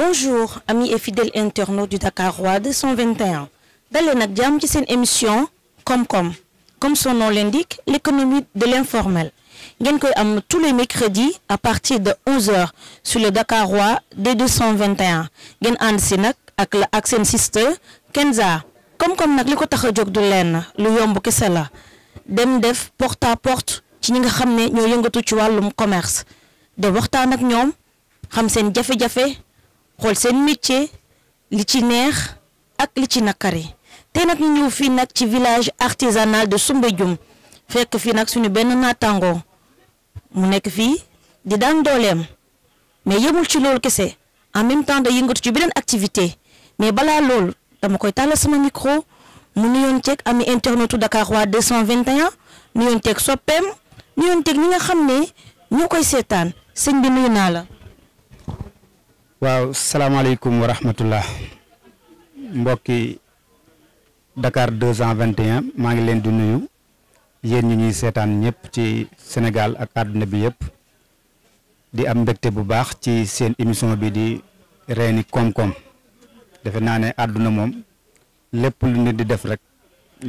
bonjour amis et fidèles internautes du Dakar Roi 221 Dans le diam ci une émission Comme, comme ». comme son nom l'indique l'économie de l'informel ngeen koy tous les mercredis à partir de 11h sur le Dakar Roi de 221 ngeen ànd si avec ak la sister Kenza Comme, comme » nag li ko tax a jóg du lenn lu yomb dem def porte à porte ci ñi nga xamné ñoo yëngatu ci walum commerce de waxtaan ak ñoom xam seen jafé jafé xool seen métier li ci neex ak li ci nakari te nag ñu ñëw fii nag ci village artisanal de Soumbédioune fekk fii nag suñu benn naataango mu nekk fii di daan dooleem mais yemul ci loolu kese en même temps da yëngatu ci beneen activité mais balaa loolu dama koy tàllal sama micro mu nuyoon teeg ami internetu Dakar waa 221 nuyoon teeg soppeem nuyoon teeg ñi nga xam ne ñoo koy seetaan sëñ bi nuyu naa la. waaw salaamaaleykum wa rahmatullah mbokki Dakar 221 maa ngi leen di nuyu yéen ñi ñuy seetaan ñëpp ci Sénégal ak àdduna bi yëpp di am mbégte bu baax ci seen émission bi di reeni koom-koom defe naa ne àdduna moom lépp lu nit di def rek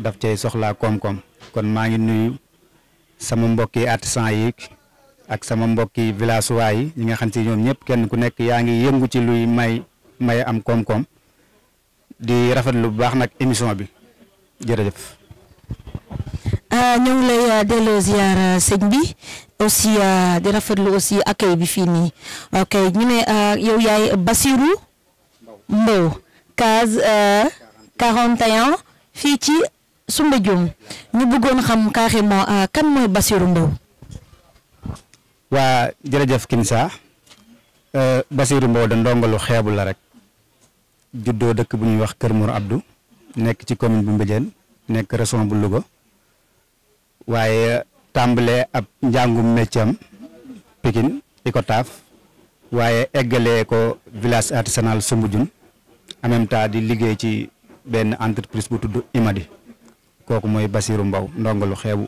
daf cay soxlaa koom-koom kon maa ngi nuyu sama mbokki artisan yi ak sama mbokki village waay yi ñi nga xam si ñoom ñëpp kenn ku nekk yaa ngi yëngu ci luy may may am koom-koom di rafet lu baax nag émission bi jërëjëf. Euh, ñoo ngi lay euh, delloo ziar euh, sëñ bi aussi di rafetlu aussi accueil bi fii nii ok ñu ne yow yaay Basirou Mbow case 41 fii ci Soumbédioune ñu bëggoon xam carrément kan mooy Basirou Mbow. wa jërëjëf Kinsa euh, Basiiru Mbooda ndongalu xeebu la rek juddoo dekk bu wax keur mour Abdou nek ci commune bu Mbéjéen nek raison bu lugo waye tambalé ab njàngum pikin iko taf waye ko village artisanal Soumbédioune en même temps di liggé ci ben entreprise bu tuddu Imadi kooku mooy Basiiru Mbow ndongalu xeebu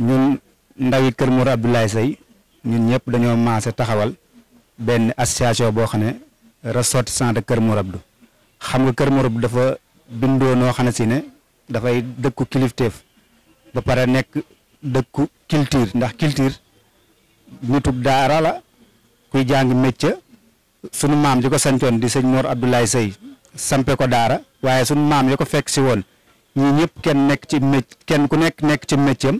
ñun ndawi Kër Mor Abdoulaye Seye ñun ñëpp dañoo maase taxawal benn association boo xam ne ressortissant de Kër Mor Abdou xam nga Kër Mor dafa bindoo noo xam ne si ne dafay dëkku kilifteef ba pare nekk dëkku culture ndax culture nitub daara la kuy jàng métier sunu maam ji ko sancoon di sëñ Mor Abdoulaye Seye sampe ko daara waaye sunu maam ya ko fekk si woon ñu ñëpp kenn nekk ci métier kenn ku nekk nekk ci métier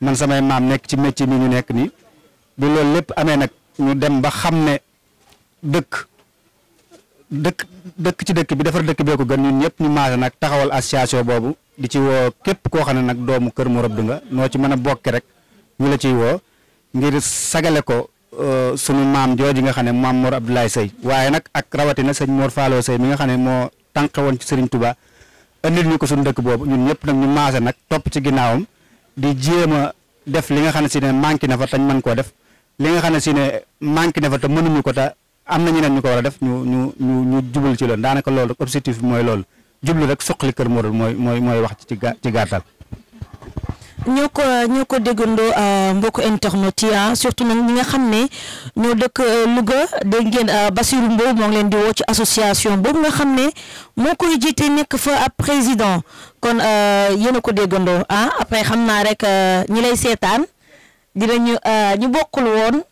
man samay maam nek ci metti mi ñu nek ni bi loolu lepp amé nak ñu dem ba xamné dekk dekk dekk ci dekk bi defar dekk bi ko gën ñun ñëpp ñu maara nak taxawal association bobu di ci wo kep nak xamné nak murab doomu Kër mu Abdou nga no ci mëna a rek ñu la ci wo ngir sagalé ko euh, suñu maam joji nga xamné mam maam abdoulay sey waye nak ak rawati na señ mour fallo sey mi nga xamné mo moo ci señ Touba andil ñu ko suñu dekk bobu ñun ñëpp nak ñu maase nak top ci ginaawum di jéem a def li nga xam ne si ne manqué na fa tañ mën koo def li nga xam ne si ne manqué na fa te mënuñu ko te am na ñeneen ñu ko war a def ñu ñu ñu ñu jubal ci loolu daanaka loolu rek objectif mooy loolu jublu rek suqali kër Mor mooy mooy mooy wax ci ci gàttal. ñoo ko ñoo ko déggandoo euh, mbokku internet yi ah, surtout nag ñi nga xam ne ñoo dëkk euh, Louga dégg ngeen euh, Bassirou Mbow moo ngi leen di woo ci association boobu nga xam ne moo koy jiite nekk fa ab président kon yéen a ko déggandoo ah après xam naa rek ñi lay seetaan dinañu ñu bokkul woon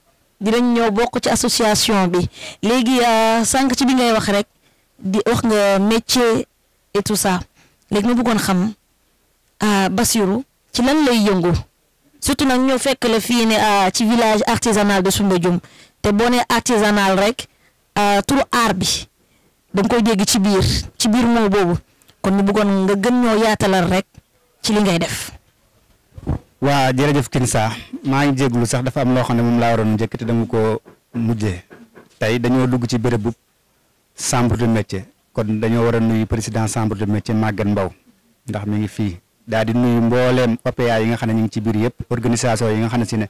dinañ ñëw bokk ci association bi léegi sànq ci bi ngay wax rek di wax nga métier et tout ça léegi ma bëggoon xam Bassirou ci lan lay yëngu surtout nag ñoo fekk la fii ne euh, ci village artisanal de Soumbédioune te boo nee artisanal rek euh, turu aar bi da koy dégg ci biir ci biir moo boobu kon ñu bëggoon nga gën ñoo yaatalal rek ci li ngay def. waa jërëjëf Kinsa maa ngi jéglu sax dafa am loo xam ne moom laa waroon njëkk te dama ko mujjee tey dañoo dugg ci béréb bu chambre de métier kon dañoo war a nuyu président chambre de métier Maguette mbaw ndax mi ngi fii. daal di nuyu mbooleem OPA yi nga xam ne ñu ngi ci biir yëpp organisation yi nga xam ne si ne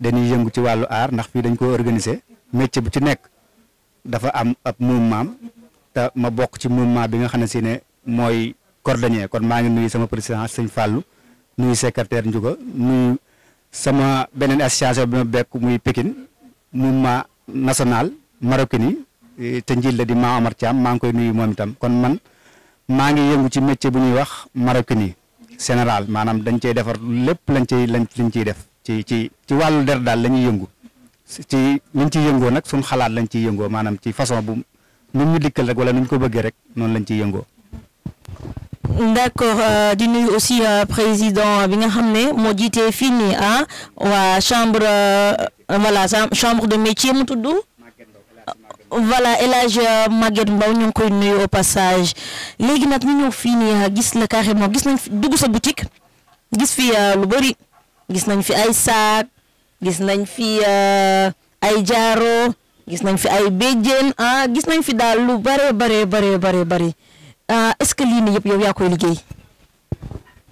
dañuy yëngu ci wàllu aar ndax fii dañ ko organiser métier bu ci nekk dafa am ab mouvement te ma bokk ci mouvement bi nga xam ne si ne mooy cordonnier kon maa ngi nuyu sama président sëñ Fallou nuyu secrétaire Ndiouga nuyu sama beneen association bi ma bekk muy Pikine mouvement national marocain yi eh, te la di Ma Omar Thiam maa ngi koy nuyu moom itam kon man maa ngi yëngu ci métier bu ñuy wax marocain sénéral maanaam dañ cey defar lépp lañ cey lañ lañ ciy def ci ci ci wàllu der daal la ñuy yëngu ci liñ ciy yëngoo nag suñ xalaat lañ ciy yëngoo maanaam ci façon bu nu ñu dikkal rek wala nu ñu ko bëggee rek noonu lañ ciy yëngoo d'accord euh, di nuyu aussi euh, président bi nga xam ne moo jiitee fii nii ah waa chambre euh, voilà chambre de métier mu tuddu voilà El Hadj euh, Maguette Mbaw ñu koy nuyu au passage léegi nag ñu ñëw fii nii gis la carrément gis nañ fi dugg sa boutique gis fi euh, lu bari gis nañ fi ay saak gis nañ fi euh, ay jaaro gis nañ fi ay béjjén ah gis nañ fi daal lu bare bare bare bare bare ah, est-ce que lii nii yëpp yow yaa koy liggéey.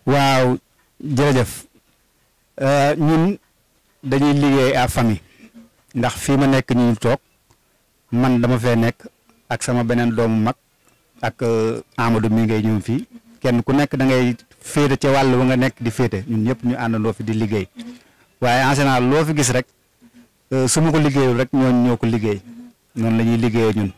waaw jërëjëf ñun dañuy liggéey à famille ndax fii ma nekk ñu toog. man dama fe nek ak sama benen dom mak ak eh, Amadou mi ngay ñëw fi kenn ku nek da ngay fete ci walu nga nek di fete ñun ñëpp ñu àndandoo fi di liggey waye en général lo fi gis rek eh, suma ko liggey rek ñooñ ñoo ko liggey non lañuy liggey ñun.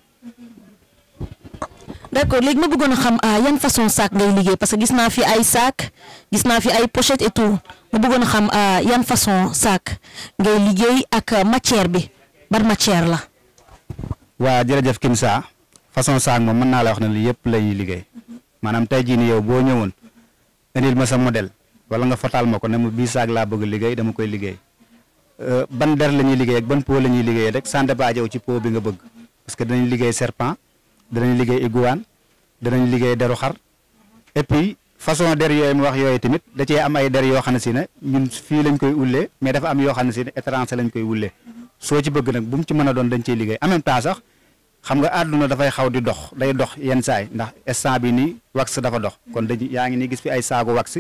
d'accord léegi ma xam a ah, yan façon sac ngay liggéey parce que gis naa fi ay sac gis naa fi ay pochette et tout ma xam a ah, yan façon sac ngay liggéey ak eh, matière bi bar matière la. waa jërëjëf kim saa façon saag moom mën naa la wax ne lii yëpp la ñuy liggéey maanaam tey jii ni yow boo ñëwoon indil ma sa modèle wala nga fotaal ma ko ne mu bii saak laa bëgg liggéey dama koy liggéey euh, ban der la ñuy liggéey ak ban po la ñuy liggéey rek sans dépassé ci pot bi nga bëgg parce que danañ liggéey serpent danañ liggéey iguane danañ liggéey deru xar et puis façon der yooyu mu wax yooyu tamit da cee am ay der yoo xam ne si ne ñun fii lañ koy ullee mais dafa am yoo xam ne si ne étranger lañ koy wullee soo ci bëgg nag bu mu ci mën a doon dañ cey liggéey en même temps sax xam nga àdduna dafay xaw di dox day dox yenn saay ndax instant bi nii wax dafa dox kon dañu yaa ngi ni gis fi ay saagu wax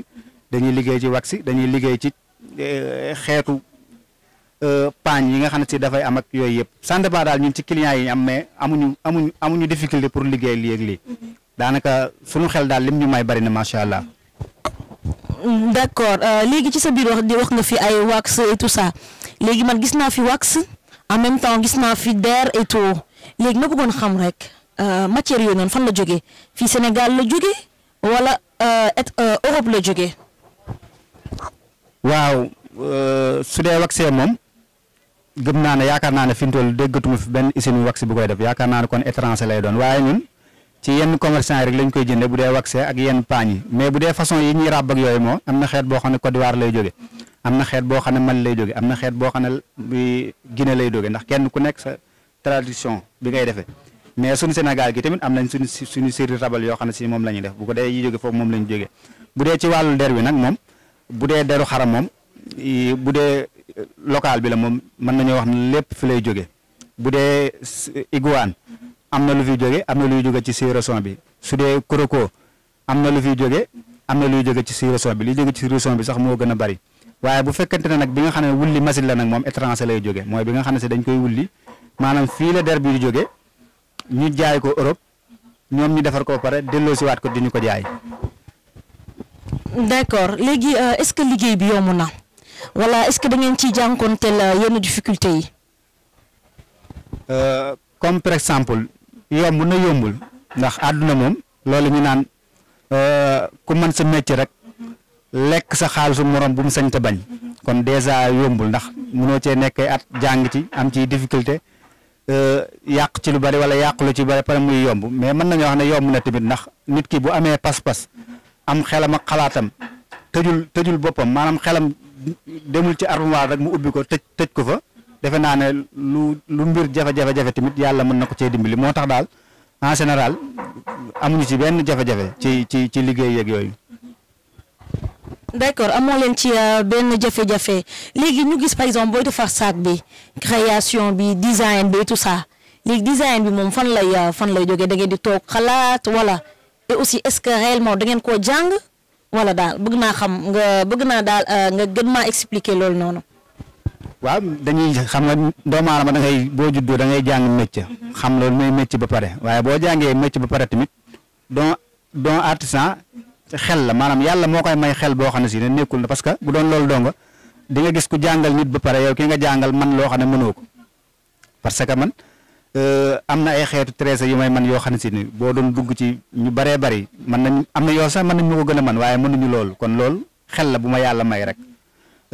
dañuy liggéey ci wax dañuy liggéey ci eh, xeetu eh, paañ yi nga xam ne si dafay am ak yooyu yëpp sant ba daal ñun ci clients yi am mais amuñu amuñu amuñu difficulté pour liggéey lii ak lii daanaka suñu xel daal lim ñu may bari na macha allah. d'accord euh, léegi ci sa biir wax di wax nga fi ay wax et tout ça. léegi man gis naa fi wax en même temps gis naa fi der et tout na ko bëggoon xam rek euh, matière yooyu noonu fan la jóge fii Sénégal la jógee wala euh, euh, Europe la jógee. waaw su dee waxee moom gëm naa ne yaakaar naa ne fi mu déggatuma fi benn usine wax bu koy def yaakaar naa ne kon étranger lay doon waaye ñun ci yenn commerçant yi rek lañ koy jëndee bu dee waxee ak yenn paañ yi mais bu dee façon yi ñuy ràbb ak yooyu moo am na xeet boo xam ne Côte d'Ivoire lay jógee. am na xeet boo xam ne man lay jóge am na xeet boo xam ne bi Guinée lay doge ndax kenn ku nekk sa tradition bi ngay defee mais suñu Sénégal gi tamit am nañ suñu suñu série rabal yoo xam ne si moom la ñuy def bu ko dee yi jóge foofu moom la ñu jógee bu dee ci wàllu der wi nag moom bu dee deru xaram moom bu dee eh, local bi la moom mën nañoo wax ne lépp fi lay jóge bu dee iguane am na lu fi jóge am na luy jóge ci surason bi su dee koroko am na lu fi jóge am na luy jóge ci surason bi li jóge ci surason bi sax moo gën a bari waye bu fekkante ne nag bi nga xamne wulli machine la nak mom étranger lay joggé moy bi nga xamne dañ koy wulli manam fi la der bi di jóge ñu jaay ko Europe ñom ñu défar ko paré délo ci wat ko diñu ko jaay. d'accord légui euh, est-ce que liggéey bi yomuna na wala est-ce que da ngeen jankonté la euh, yenn difficulté yi. Euh, comme par exemple yomuna yomul ndax aduna mom loolu ñu euh ku man sa métier rek. lekk sa xaalisu morom bu mu sañ te bañ kon dèjà yombul ndax mu noo cee nekkee at jàng ci am ci difficulté euh, yàq ci lu bari wala yàq lu ci bari pare muy yomb mais mën nañoo wax ne yomb na tamit ndax nit ki bu amee pas-pas am xelam ak xalaatam tëjul tëjul boppam maanaam xelam demul ci armoire rek mu ubbi ko tëj tëj ko fa defe naa ne lu lu mbir jafe-jafe tamit yàlla mën na ko cee dimbali moo tax daal en général amuñu ci benn jafe-jafe ci ci ci liggéey yooyu. D'accord, amo len ci euh, ben jafé jafé. Légui ñu gis par exemple boy defar saak bi création bi design bi tout ça léegi design bi mom fan lay euh, fan lay joggé da ngeen di tok xalaat wala et aussi est ce que réellement da ngeen ko jang wala dal bëgg na xam nga bëgg na dal euh, nga gën maa expliquer lool noonu. waaw dañuy xam nga doomu aadama da ngay bo juddoo da ngay jang métier. Mhm. xam lool mooy métier ba paré waye bo jangé métier ba paré tamit don don artisan. ci xel la maanaam yàlla moo koy may xel boo xam ne si ne nekkul na parce que bu doon loolu donga di nga gis ku jàngal nit ba pare yow ki nga jàngal man loo xam ne mënoo ko parce que man euh, am na ay xeetu trésor yu may man yoo xam ne si ne boo doon dugg ci ñu baree bari man nañ am na yoo sax mën nañ ñu ko gën a man waaye mënuñu loolu kon loolu xel la bu ma yàlla may rek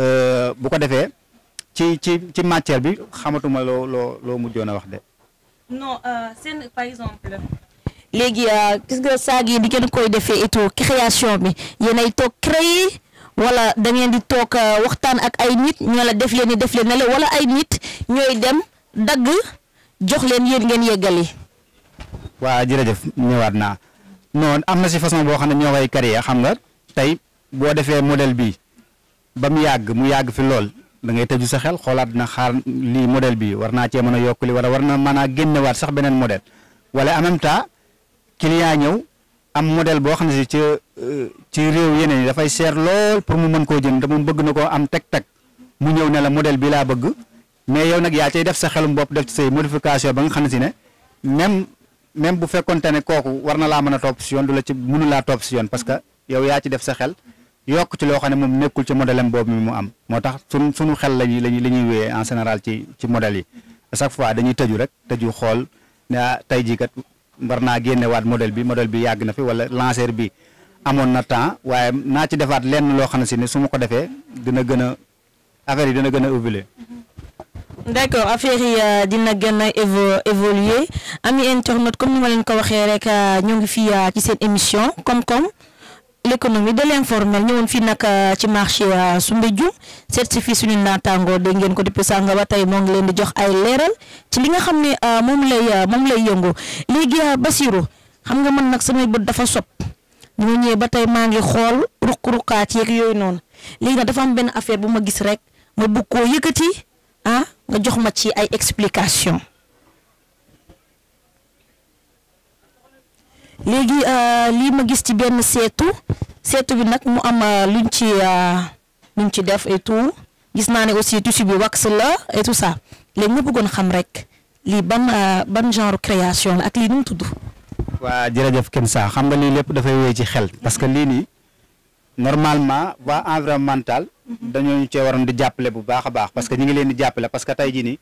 euh, bu ko defee ci ci ci matière bi xamatuma loo loo loo mujjoon a wax de. Euh, Lagi gis ah, nga sagi yi di ngeen koy defee et tout création bi créer wala da ngeen di toog ah, waxtaan ak ay nit ñoo la def ni def leen wala ay nit ñooy dem dagg jox leen yéen ngeen yeggali. wa jërëjëf ñëwaat non Amma na si façon boo xam ne ñoo koy créer xam nga tey bo defee model bi ba mu yàgg mu yag fi lol da ngay tëju sa xel xolat na xaar li model bi warna ci mëna yokuli wala warna mëna mën a benan sax benen model wala en même temps client ñëw am modèle boo xam ne si ci euh, ci réew yeneen yi dafay seer lool pour mu mën koo jënd te moom bëgg na koo am teg-teg mu ñëw ne la modèle bi laa bëgg mais yow nag yaa cay def sa xelum bopp def ci say modification ba nga xam ne si ne même même bu fekkonte ne kooku war na laa mën a topp si yoon du la ci mënu laa topp si yoon parce que yow yaa ci def sa xel yokk ci loo xam ne moom nekkul ci modèle am boobu mi mu am moo tax suñ suñu xel lañuy lañuy la ñuy wéyee en général ci ci modèle yi à chaque fois dañuy tëju rek tëju xool ne ah tey jii war naa génnewaat modèle bi modèle bi yàgg na fi wala lanceur bi amoon na temps waaye naa ci defaat lenn loo xam ne si ne su ma ko defee dina gën a affaire yi dina gën a évoluer. Mm-hmm. d'accord affaire yi euh, dina gën a évo évoluer ami internaute comme ni ma leen ko waxee rek euh, ñoo ngi fii euh, ci seen émission koom-koom. l'économie de l'informel ñëwoon fii nag euh, ci marché euh, Soumbédioune seet si fii suñu naataangoo dégg ngeen ko depuis sànga ba tey moo ngi leen di jox ay leeral ci li nga xam ne euh, moom lay moom lay yëngu léegi Basirou xam nga man nag samay bët dafa sob ñu ñëwee ba tey maa ngi xool ruq-ruqaat yeeg yooyu noonu léegi nag dafa am benn affaire bu ma gis rek ma bëgg koo yëkkati ah nga jox ma ci ay explication léegi euh, lii ma gis ci benn seetu seetu bi nag mu am euh, luñ ci euh, luñ ci def et tout gis naa ne aussi tissu bi wax la et tout ça léegi ma bëggoon xam rek lii ban ban genre création la ak lii nu mu tudd. waa jërëjëf Kenza xam nga lii lépp dafay wéy ci xel parce que lii nii normalement waa environnemental mhm. dañoo ñu cee waroon di jàppale bu baax a baax parce que ñu ngi leen di jàppale parce que tey jii nii.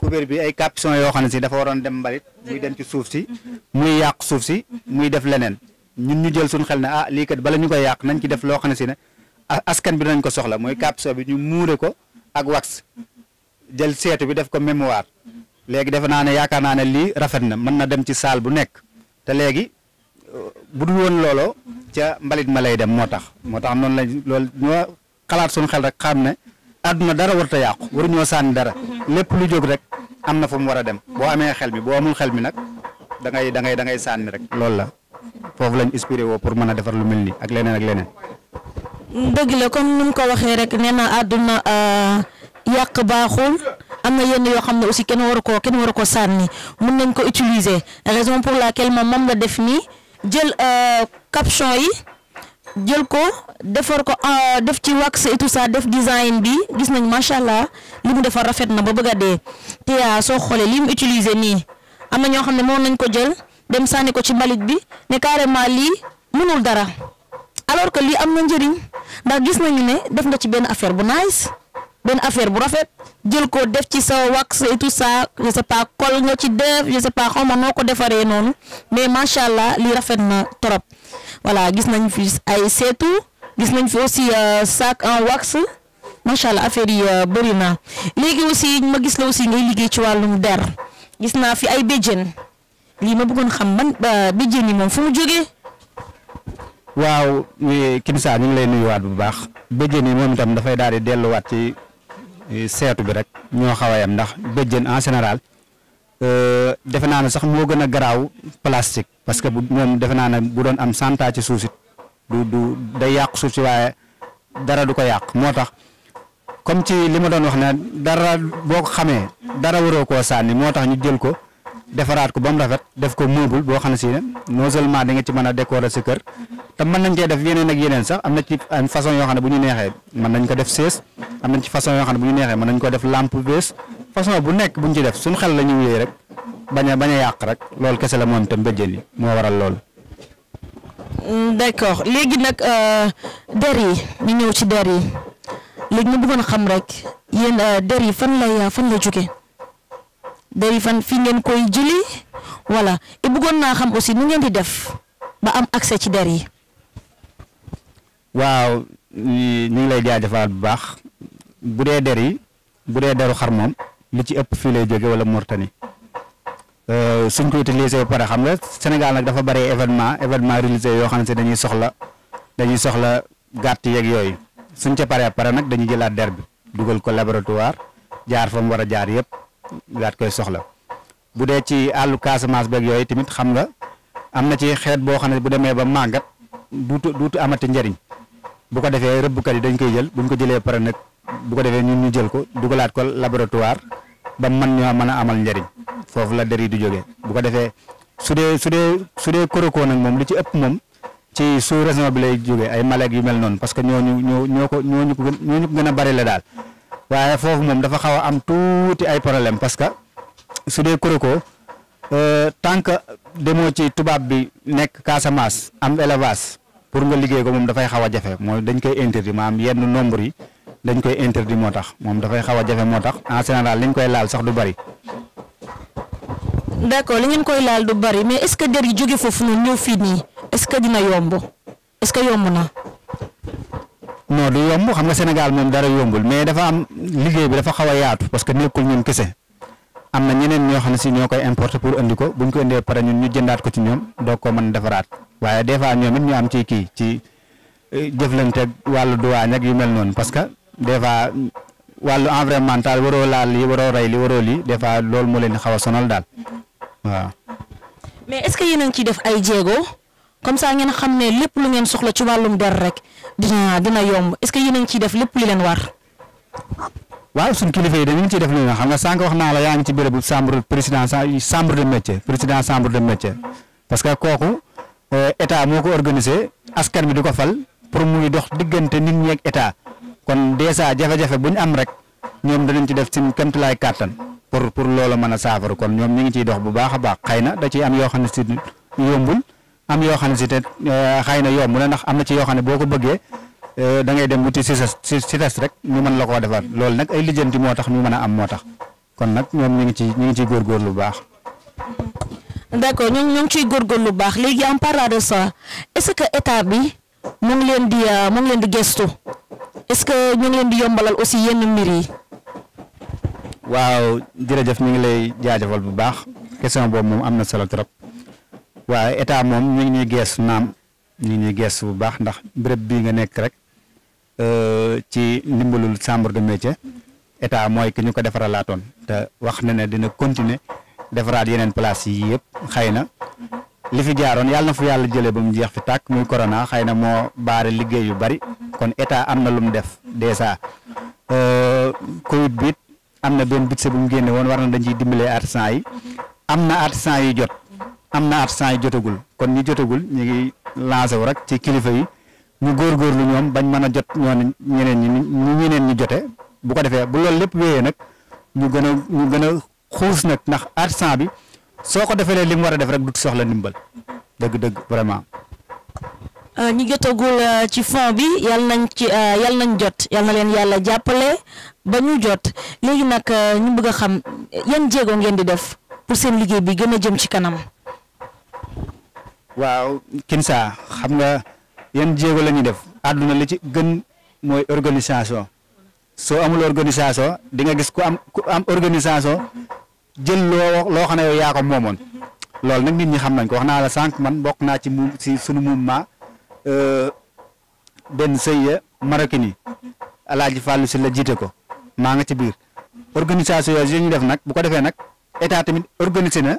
couvert bi ay caption yo xamne ci dafa waron dem balit muy dem ci souf ci muy yàq souf ci muy def lenen ñun ñu jël suñu xel na ah li kat bala ñukoy koy nañ ci def lo xamne ci ne askan bi dinañ ko soxla mooy caption bi ñu mouré ko ak wax jël setu bi def ko mémoire légui def naa ne yaakaar naa ne rafet na mën na dem ci salle bu nek té légui bu dul lolo looloo ca mbalit ma lay dem motax motax non la noonu lañ loolu ñoo xalaat suñu xel rek xamne adduna dara warut a yàqu waruñoo sànni dara lépp lu jóg rek am na fu mu war a dem boo amee xel mi boo amul xel mi nag da ngay da sànni rek lool la foofu lañ inspiré woo pour mën a defar lu mel nii ak leneen ak leneen. dëgg la comme ni mu ko waxee rek nee na àdduna euh, yàq baaxul am na yenn yoo xam ne aussi kenn waru koo kenn waru ko sànni mun nañ ko utiliser raison pour laquelle moom moom la def nii jël euh, caption yi. jël ko defar ko euh, def ci wax et tout ça def design bi gis nañ macha allah li mu defar rafet na ba bëgg a dee te euh, soo xoolee li mu utiliser nii am na ñoo xam ne moom nañ ko jël dem sànni ko ci mbalit bi ne carrément lii mënul dara alors que lii am na njëriñ ndax gis nañu ne def nga ci benn affaire bu nice benn affaire bu rafet jël ko def ci sa wax et tout ça je pas kol nga ci def je sais pas xaw noo ko defaree noonu mais macha allah li rafet na trop voilà gis nañ fi ay seetu gis nañ fi aussi euh, sac en wax macha allah affaire yi euh, bëri na léegi aussi ma gis la aussi ngay liggéey ci wàllum der gis naa fi ay béjjén lii ma bëggoon xam man béjjén yi moom fu mu jógee. waaw Kimsa ñu ngi lay nuyuwaat bu baax bëjjën yi moom itam dafay daal di delluwaat ci. Eh, seetu bi rek ñoo xaw a yem ndax bëjjën en général euh, defe naa ne sax moo gën a garaaw plastique parce que bu defe naa ne bu doon am santa ci suuf si du du day yàq suuf si waaye dara du ko yàq moo tax comme ci li ma doon wax ne dara boo xamee dara waroo koo sànni moo tax ñu jël ko defaraat ko ba mu rafet def ko meuble boo xam ne si ne non seulement da nga ci mën a décorer sa kër te mën nañ cee def yeneen ak yeneen sax am na ci façon yoo xam ne bu ñu neexee mën nañ ko def sées amna ci façon yo xamne bu ñu nexé mën nañ ko def lampe bés façon bu nekk buñ ci def suñu xel lañu ñu wéy rek baña baña yaq rek lool kessé la moom tam bëjjën yi mo waral lool mm, d'accord légui nak euh der yi ñu ñëw ci der yi légui ñu bëggoon xam rek yeen euh, der yi fan lay fan lay juggé der yi fan fi ngeen koy jëli wala e bëggon na xam aussi nu ngeen di def ba am accès ci der yi. waaw ni ngi lay jaajëfal bu baax. bu dee der yi bu dee deru xar moom li ci ëpp fii lay jóge wala Mauritanie euh, suñ ko utilisé pare xam nga Sénégal nag dafa bari événement événement religieux yoo xam ne si dañuy soxla dañuy soxla gàtt yeeg yooyu suñ ca paree pare nag dañuy jëlaat der bi dugal ko laboratoire jaar fa mu war a jaar yëpp daat koy soxla bu dee ci àllu Casamance beeg yooyu tamit xam nga am na ci xeet boo xam ne bu demee ba màggat duutu duutu amati njariñ bu ko defee rëbbkat dañ koy jël buñ ko jëlee pare nag. bu ko defee ñun ñu jël ko dugalaat ko laboratoire ba man ñu mëna amal ndariñ fofu la der du joggé bu ko defee su dee su dee su dee korokoo nag moom li ci ëpp mom ci sous région bi lay joggé ay malek yu mel non parce que ñooñu ñoo ñoo ko ñoñu ko gëna bari la dal waye fofu mom dafa xawa am touti ay problème parce que su dee korokoo euh, tant que demoo ci tubab bi nek Casamance am élevage pour nga liggé ko mom da fay xawa jafé moy dañ koy interdit maanaam yenn nombre yi. dañ koy interdit moo tax moom dafay xaw a jafe moo tax en général liñ koy laal sax du bari. d'accord li ngeen koy laal du bari mais est-ce que der yi jóge foofu noonu ñëw fii nii est que dina yomb est-ce que yomb na. non du yomb xam nga Sénégal moom dara yombul mais dafa am liggéey bi dafa xaw a yaatu parce que nekkul ñun kese am na ñeneen ñoo xam ne si ñoo koy importer pour indi ko buñ ko indee pare ñun ñu jëndaat ko ci ñoom doo ko mën defaraat waaye des fois ñoom it ñu am ci kii ci eh, jëflante wàllu douane ak yu mel noonu parce que des fois wàllu environnemental waroo laal li waroo rey li waroo lii des fois loolu moo leen di xaw a sonal daal mhm. waaw. mais est-ce que yéen def ay jéego comme ça ngeen xam ne lépp lu ngeen soxla ci wàllum der rek dina dina yomb est-ce que yéen a ngi ciy def lépp li leen war. waaw suñ kilifa yi dañu ngi ciy def lu xam nga sànq wax naa la yaa ngi ci bérébu chambre président chambre de métier président chambre de métier parce que kooku euh, état moo ko organisé askan bi di ko fal pour muy dox diggante nit ñi ak kon desa jafé jafé buñ am rek ñom danañ ci def seen lay carton pour pour loola mëna safar kon ñom ñi ngi ci dox bu baaxa baax da ci am yo xam ci si yombul am yo xam ci si yom euh, xëy na ndax am na ci yo xam boko boo euh, da ngay dem wuti si si test rek ñu mëna la ko defar lool nak ay lijeenti motax ñu mëna am motax kon nak ñom ñi ngi ci ñi ngi gor gor lu baax. d'accord ñoo ngi gor gor lu baax légui am ça est-ce que état bi mo ngi len di ah, mo ngi len di gesto est-ce que ñu ngi len di yombalal aussi yenn mbir yi. waaw def mi ngi lay jaajëfal bu baax question boobu mom amna solo trop waaw état mom ñu ngi ñuy nam ñu ngi ñuy bu baax ndax béréb bi nga nek rek euh ci ndimbalul chambre de métier état moy ki ñuko ko defaralaatoon te wax na né dina continuer defaraat yenen place yi yépp xeyna li fi jaaroon yalla na fu yàlla jëlee ba mu jeex fi tak muy corona xëy na moo baare liggéey yu bari kon état am na lu mu def dèjà euh, Covid bit amna am na benn bu mu génne won war na dañ ci dimbalé artisan yi am na artisan yu jot am na artisan yu jotagul kon ñi jotagul ñi ngi lancer wu rek ci kilifa yi ñu lu ñom bañ mëna jot ñoo ñeneen ñi ñeneen ñi joté bu ko defee bu loolu lepp wéyé nak ñu gëna ñu gëna xoos nak nak artisan bi soko ko lim wara def rek du soxla ndimbal deug deug vraiment. Euh, ñi jotagul euh, ci fond bi yal nañ ci euh, yal nañ jot yal na leen yàlla jàppale ba ñu jot légui nak ñu bëgg xam yeen jéego ngeen di def pour seen liggéey bi gëna jëm ci kanam. waaw Kinsa xam nga yeen jéego lañu def aduna li ci gën moy organisation so amul organisation di nga gis ku am ku am organisation jël loo loo xam ne yow yaa ko moomoon loolu nag nit ñi xam nañ ko wax naa la sànq man bokk naa ci mu si sunu mouvement euh, benn sëy marocain yi alaaji fàllu si la jiite ko maa nga ci biir organisation yooyu ñu def nag bu ko defee nag état tamit organisé na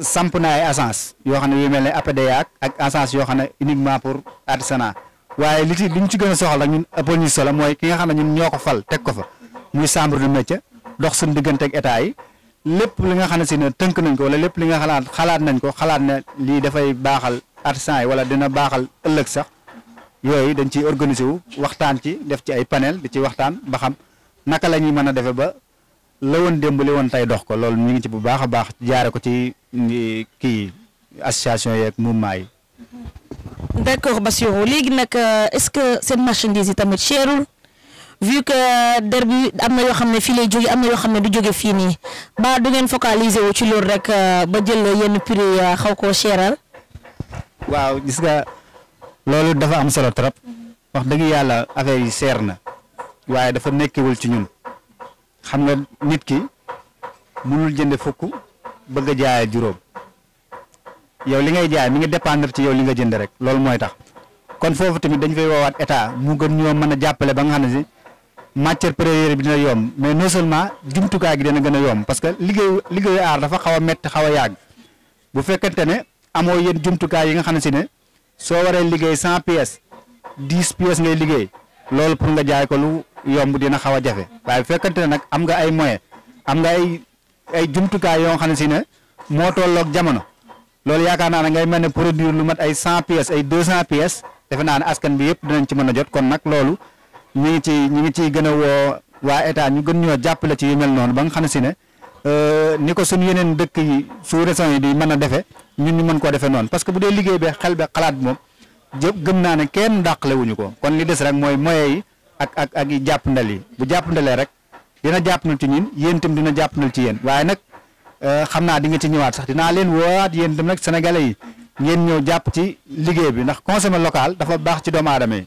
samp naa ay agence yoo xam ne yu mel ne APDA ak agence yoo xam ne uniquement pour artisanat waaye li ci li ñu ci gën a soxal nag ñun ëppal ñu solo mooy ki nga xam ne ñun ñoo ko fal teg ko fa muy chambre de métier dox suñu diggante ak état yi lépp li nga xam ne si ne tënk nañ ko wala lépp li nga xalaat xalaat nañ ko xalaat ne lii dafay baaxal artisan yi wala dina baaxal ëllëg sax yooyu dañ ciy organiser wu waxtaan ci def ci ay panel di ci waxtaan ba xam naka la ñuy mën a defee ba la woon démb li woon tey dox ko loolu ñu ngi ci bu baax a baax jaare ko ci ngi kii association yeeg mouvement yi. d'accord Bassirou léegi nag euh, est-ce que seen marchandise yi tamit cherul vu que der bi am na yoo xam ne fii lay jóge am na yoo xam ne du jóge fii nii ba du ngeen focaliser ci loolu rek euh, ba jël yenn prix euh, xaw koo seeral. waaw gis nga loolu dafa am solo trop wax dëgg yàlla affaire yi seer na waaye dafa nekkewul ci ñun xam nga nit ki mënul jënde fukk bëgg a jaayee juróom yow li ngay jaay mi ngi dépendre ci yow li nga jënde rek loolu mooy tax kon foofu tamit dañ fay woowaat état mu gën ñoo mën a jàppale ba nga xam ne si matière première bi dina yomb mais non seulement jumtukaay gi dina gën a yomb parce que liggéeyu liggéeyu aar dafa xaw a métti xaw a yàgg bu fekkente ne amoo yenn jumtukaay yi nga xam ne si ne soo waree liggéey cent pièces dix pièces ngay liggéey loolu pour nga jaay ko lu yomb dina xaw a jafe waaye bu fekkente ne nag am nga ay moyens am nga ay ay jumtukaay yoo xam ne si ne moo tolloog jamono loolu yaakaar naa ne ngay mel ne produire lu mat ay cent pièces ay deux cent pièces defe naa ne askan bi yëpp dinañ ci mën a jot kon nag loolu. ñu ngi ci ñu ngi ciy gën a woo waa état ñu gën ñoo jàppale ci yu mel noonu ba nga xam ne si ne euh, ni ko suñu yeneen dëkk yi sous-région yi di mën a defee ñun ñu mën koo defee noonu parce que bu dee liggéey xel be xalaat moom jë gëm naa ne kenn dàqale ko kon li des rek mooy moyens ak ak ak yi jàpp yi bu jàpp rek dina jàpp ndal ci ñun yéen itam jàpp ndal ci yéen waaye nag euh, xam naa di nga ci ñëwaat sax dinaa leen woowaat yéen itam nag sénégalais yi ngeen ñëw jàpp ci liggéey bi ndax consommer local dafa baax ci doomu aadama yi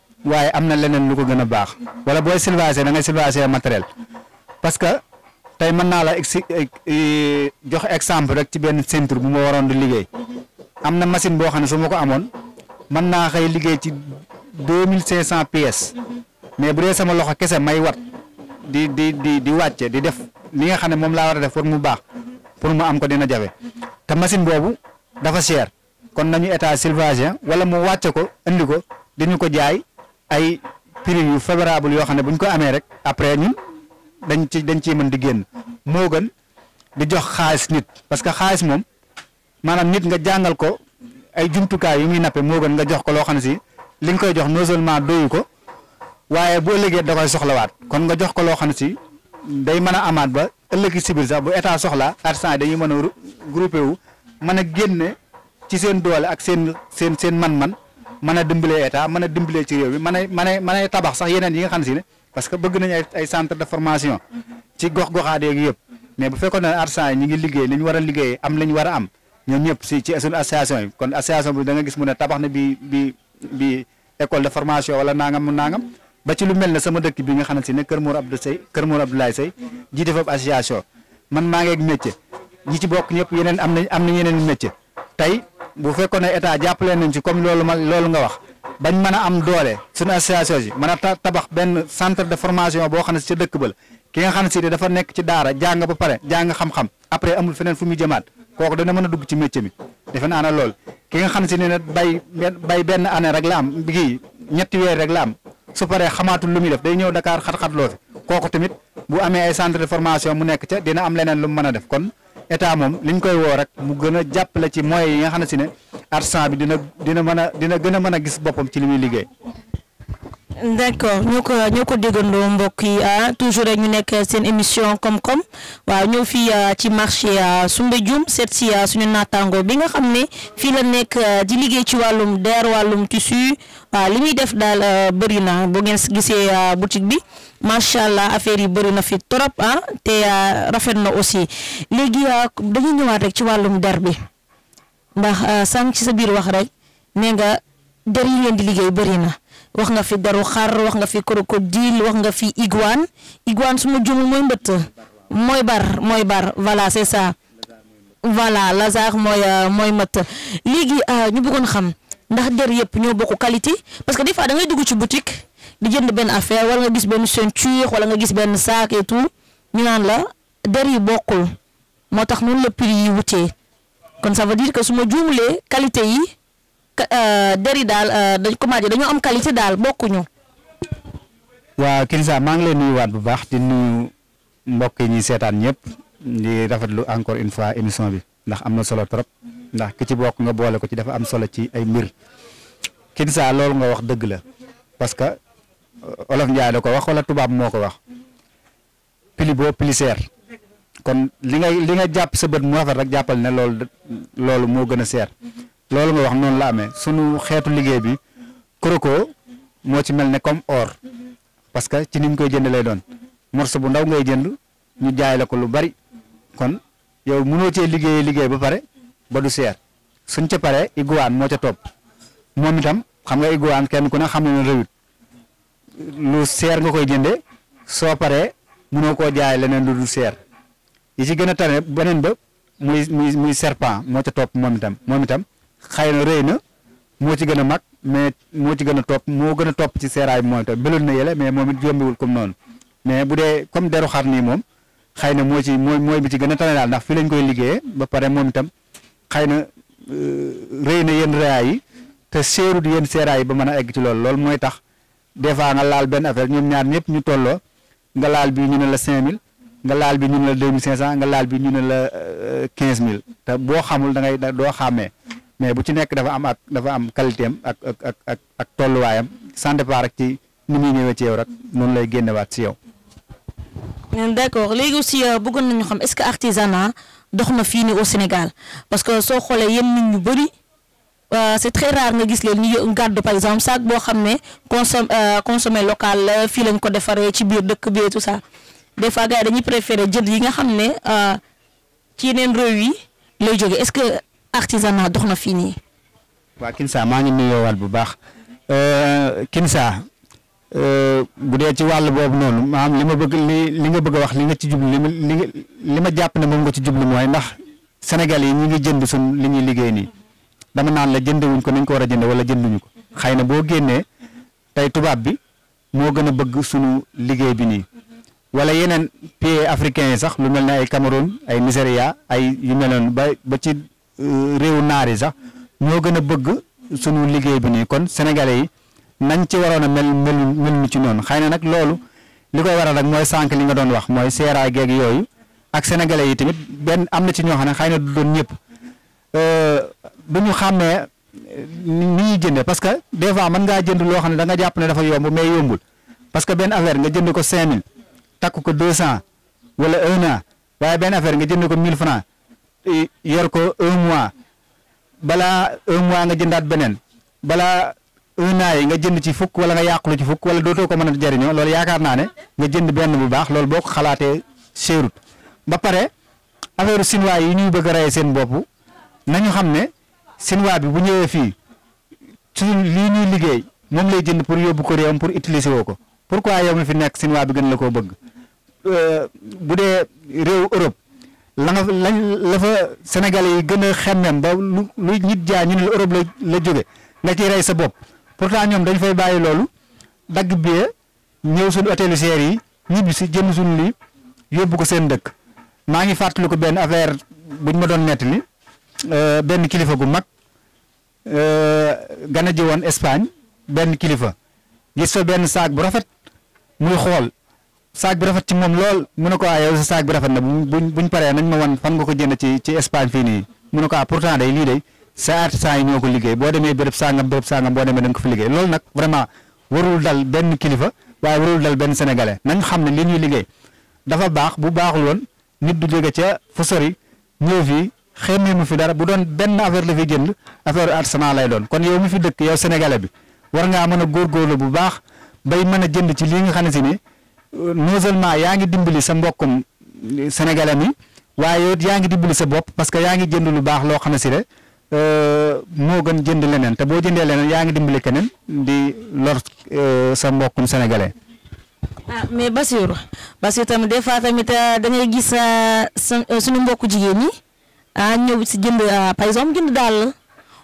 waye amna lenen leneen lu ko gëna a baax wala boy sylvager da nga sylvager matériel parce que tay man na la e-, jox exemple rek ci ben centre bu mo waron di liggéey amna machine bo xamne ne su ma ko amoon mën naa xëy liggéey ci 2500 PS. pièces mais bu re sama loxo kessé may wat di di di di wàcce di def li nga xamne mom la wara def pour mu baax pour mu am ko dina jafé ta machine bobu dafa cher kon nañu état sylvager wala mu wàcce ko andi ko dañu ko jaay ay prix yu favorable yo xamne buñ ko amé rek après ñun dañ ci dañ ci mën di génn mo gën di jox xaaliss nit parce que xaaliss mom manam nit nga jangal ko ay jumtukaay yu ñuy nappé mo gën nga jox ko lo xamne ci si li nga koy jox non seulement doyu ko waye bo léegi da koy soxlawaat kon nga jox ko lo xamne ci day mëna amaat ba ëlëk sibil biir sax bu état soxla artisan dañuy mëna a groupé wu mëna a ci seen doole ak seen seen seen man-man mën a dimbalee état mën a dimbalee ci réew mi mën a man a tabax sax yeneen yi nga xam si ne parce que bëgg nañ ay ay centre de formation ci gox goxaat yeeg yëpp mais bu fekkoon ne artisan yi ñu ngi liggéey li ñu war a liggéey am la war a am ñoom ñëpp si ci suñu association yi kon association bi danga gis mu ne tabax na bi bi bi école de formation wala nangam mu nangam ba ci lu mel ne sama dëkk bi nga xam ne si ne Kër Mor Abdou Sey Kër Mor Abdoulaye Sey jiite foofu association man maa ngi ak métier ñi ci bokk ñëpp yeneen am nañ am nañ yeneen métier tey bu fekkoon ne état jàppale nañ ci comme loolu ma loolu nga wax bañ mën a am doole suñu association mën a tabax benn centre de formation boo xam ne si ca dëkk ba la ki nga xam ne si dafa nekk ci daara jàng ba pare jàng xam-xam après amul feneen fu muy jëmaat kooku dana mën a dugg ci métier mi defe naa ne lool ki nga xam si ne bay bay benn année rek la am kii ñetti weer rek la am su paree xamaatul lu muy def day ñëw Dakar xat-xat loo fi kooku tamit bu amee ay de formation mu nekk ca dina am leneen lu mu mën a def kon état moom liñ koy woo rek mu gën a jàppale ci moyens yi nga xam ne si ne artisan bi dina dina mën a dina gën a mën a gis boppam ci li muy liggéey. d'accord ñoo ko ñoo ko déggandoo mbokk yi ah, toujours rek ñu nekk seen émission koom-koom waaw ñëw fii ah, ci marché ah, Soumbédioune seet si suñu naataango bi nga xam ne fii la nekk di liggéey ci wàllum der wàllum tissu waaw li muy def daal bëri na boo ngeen gisee boutique bi macha allah affaire yi bëri na fi trop ah te rafet na aussi léegi dañuy ñëwaat rek ci wàllum der bi ndax sànq ci sa biir wax rek nee nga der yi ngeen di liggéey bëri na. wax nga fi daru xar wax nga fi crocodile wax nga fi iguane iguane sumu jumu moy mbeut moy bar moy bar voilà c'est ça voilà lazar moy euh, moy meut ligi euh, ñu bëggon xam ndax der yépp ñoo bokku qualité parce que des fois da ngay dugg ci boutique di jënd ben affaire wala nga gis ben ceinture wala nga gis ben sac et tout ñu nan la der yi bokku motax non le prix yi wuté kon ça veut dire que suma jumlé qualité yi dëri daal dañ ko maaje dañoo am qualité daal bokkuñu. waaw Kilisa maa ngi leen nuyuwaat bu baax di nuyu mbokk yi ñuy seetaan di rafetlu encore une fois émission bi ndax am na solo trop ndax ki ci bokk nga boole ko ci dafa am solo ci ay mbir kinza loolu nga wax dëgg la parce que euh, olof Njaay da ko wax wala tubaab moo ko wax pili boo pili kon li nga li nga jàpp sa bët mu rafet rek jàppal ne loolu loolu nga wax noonu la amee sunu xeetu liggéey bi croco moo ci mel ne comme or parce que ci ni ñu koy jënde lay doon morceau bu ndaw ngay jënd ñu jaay la ko lu bari kon yow mënoo cee liggéeyee liggéey ba pare ba du seer suñ ca paree iguane moo ca topp moom itam xam nga iguane kenn ku ne xam na ne rëyut lu seer nga koy jëndee soo paree mënoo koo jaay leneen lu du seer yi ci gën a tane beneen ba muy muy muy serpent moo ci topp moom itam moom itam. xëy na rëy na moo ci gën a mag mais moo ci gën a topp moo gën a topp ci seeraay bi moom itam bëloon na yele mais moom it yombiwul comme noonu mais bu dee comme deru xar nii moom xëy na moo ci mooy mooy bi ci gën a tane daal ndax fi lañ koy liggéeyee ba pare moom itam xëy na euh, rëy na yenn reyaay yi te seerut yenn seeraay yi ba mën a egg ci loolu loolu mooy tax des fois nga laal benn affaire ñoom ñaar ñëpp ñu tolloo nga laal bi ñu ne la 5000 nga laal bi ñu ne la 2500 nga laal bi ñu ne la 15000 euh, te boo xamul da ngay doo xàmmee. mais bu ci nekk dafa am ak dafa am qualité am ak ak ak ak tolluwaayam sans départ ak ci ni muy ñëwee ci yow rek noonu lay génnewaat ci yow. d'accord léegi aussi euh, bëggoon nañu xam est-ce que artisanat dox na fii nii au Sénégal parce que soo xoolee yenn nit ñu bëri euh, c'est très rare nga gis leen ñu gàddu par exemple sac boo xam ne consom euh, consommé local la fii lañ ko defaree ci biir dëkk bi et tout ça des fois gars yi dañuy préférer jënd yi nga xam ne ci yeneen réew yi lay jógee est-ce que. artisanat dox na fii nii. waa Kinsa maa ngi nuyoowaat bu baax euh, Kinsa euh, bu dee ci wàll boobu noonu maanaam li ma bëgg li li nga bëgg a wax li nga ci jublu li ma li ma jàpp ne moom nga ci jublu mooy ndax Sénégal yi ñu ngi jënd sun li ñuy liggéey nii dama naan la jëndewuñ ko nañ ko war a jënde wala jënduñu ko xëy na boo génnee tey tubaab bi moo gën a bëgg sunu liggéey bi nii wala yeneen pays africains yi sax lu mel ne ay Cameroun ay Nigeria ay yu mel noonu réew naar yi sax ñoo gën a bëgg suñu liggéey bi nii kon sénégalais yi nañ ci waroon a mel mel mel ci noonu xay na nag loolu li koy waral rek mooy sànq li nga doon wax mooy seeraa geeg yooyu ak sénégalais yi tamit benn am na ci ñoo xam ne xay na du doon ñëpp bu euh, ñu xàmmee euh, ni ñuy jëndee parce que des fois mën ngaa jënd loo xam ne da jàpp ne dafa yomb mais yombul parce que benn affaire nga jënd ko 5000 takk ko 200 wala 1 an waaye benn affaire nga jënd ko 1000 francs yor ko un mois balaa un mois nga jëndaat beneen balaa un an yi nga jënd ci fukk wala nga yàqulu ci fukk wala dootoo ko mën a jariñoo loolu yaakaar naa ne nga jënd benn bu baax loolu boo ko xalaatee séerut ba pare affaire sinwaa yi ñuy bëgg a seen bopp nañu xam ne sinwaa bi bu ñëwee fii su lii ñuy liggéey moom lay jënd pour yóbbu ko réewam pour utiliser woo ko pourquoi yow mi fi nekk sinwaa bi gën la koo bëgg euh, bu dee réew Europe la nga la fa sénégalais yi gën a xemmem ba lu lu nit jaay ñu ne la Europe la la jóge nga ciy rey sa bopp pourtant ñoom dañ fay bàyyi loolu dagg bie ñëw suñu hôtelu seer yi ñibbi si jënd suñu lii yóbbu ko seen dëkk maa ngi fàttaliku ko benn affaire buñ ma doon ni euh, benn kilifa gu mag euh, gana ji woon Espagne benn kilifa gis fa benn saak bu rafet muy xool saag bi rafet ci moom lool mu ne ko ah yow saag bi rafet na bu buñ paree nañ ma wan fan nga ko jënd ci ci Espagne fii nii mu a ko ah pourtant day lii day sa artisan yi ñoo ko liggéey boo demee bërëb sangam béréb sangam boo demee dañ ko fi liggéey loolu nag vraiment warul dal benn kilifa waaye warul dal benn sénégalais nañ xam ne li ñuy liggéey dafa baax bu baaxul woon nit du jege ca fu sori ñëw fii xéemee mu fi dara bu doon benn affaire la fi jënd affaire artisanat lay doon kon yow mi dëkk yow sénégalais bi war ngaa mën a góorgóorlu bu baax bay mën a jënd ci lii nga xam ni non seulement yaa ngi dimbali sa mbokkum sénégalais mi waaye it yaa ngi dimbali sa bopp parce que yaa ngi jënd lu baax loo xam ne si ne euh, moo gën jënd leneen te boo dimbali di lor euh, sa mbokkum sénégalais. ah mais Bassirou Bassirou tamit des fois tamit euh, da ngay gis suñu mbokku jigéen ñi ah ñëw si jënd par exemple jënd daal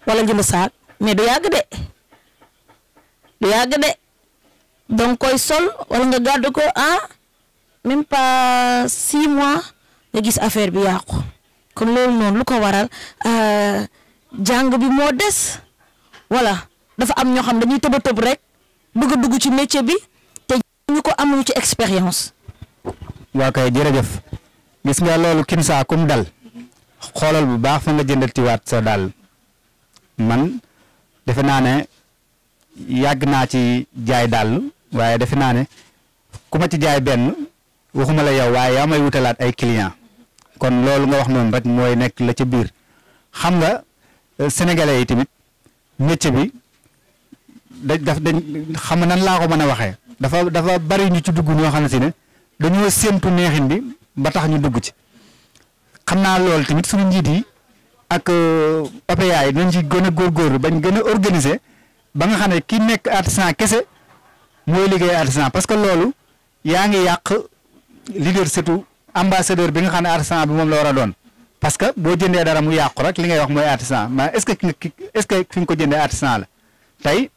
wala jënd saak mais du yàgg de du de. Dong koi sol wala nga gàddu ko ah même pas six mois nga gis affaire bi yàqu kon lol non lu ko waral eh, jang bi mo dess wala dafa am ño xam dañuy tebe tebe rek bëgg dugg ci métier bi te ñu ko amu ci expérience. wa kay jërëjëf gis nga lolou Kimsa kum dal xolal bu baax fa nga jëndatiwaat sa dal man defena ne yàgg ci jaay dal. waaye defe naa ne ku ma ci jaay benn waxuma la yow waaye yaa may wutalaat ay client kon loolu nga wax noonu rek mooy nekk la ca biir xam nga euh, sénégalais yi tamit métier bi dañ daf dañ xam nan laa ko mën a waxee dafa dafa bari ñu ci dugg ñoo xam ne si ne dañoo séentu neexin bi ba tax ñu dugg ci xam naa loolu tamit suñu njiit yi ak euh, OPA yi nañ ci gën a góorgóorlu bañ gën a organiser ba nga xam ne ki nekk artisan kese mooy liggéey artisan parce que loolu yaa ngi yàq leader surtout ambassadeur bi nga xam ne artisan bi moom la war a doon parce que boo jëndee dara mu yàqu rek li ngay wax mooy artisan mais est-ce que est-ce que fi nga ko jëndee artisan la tey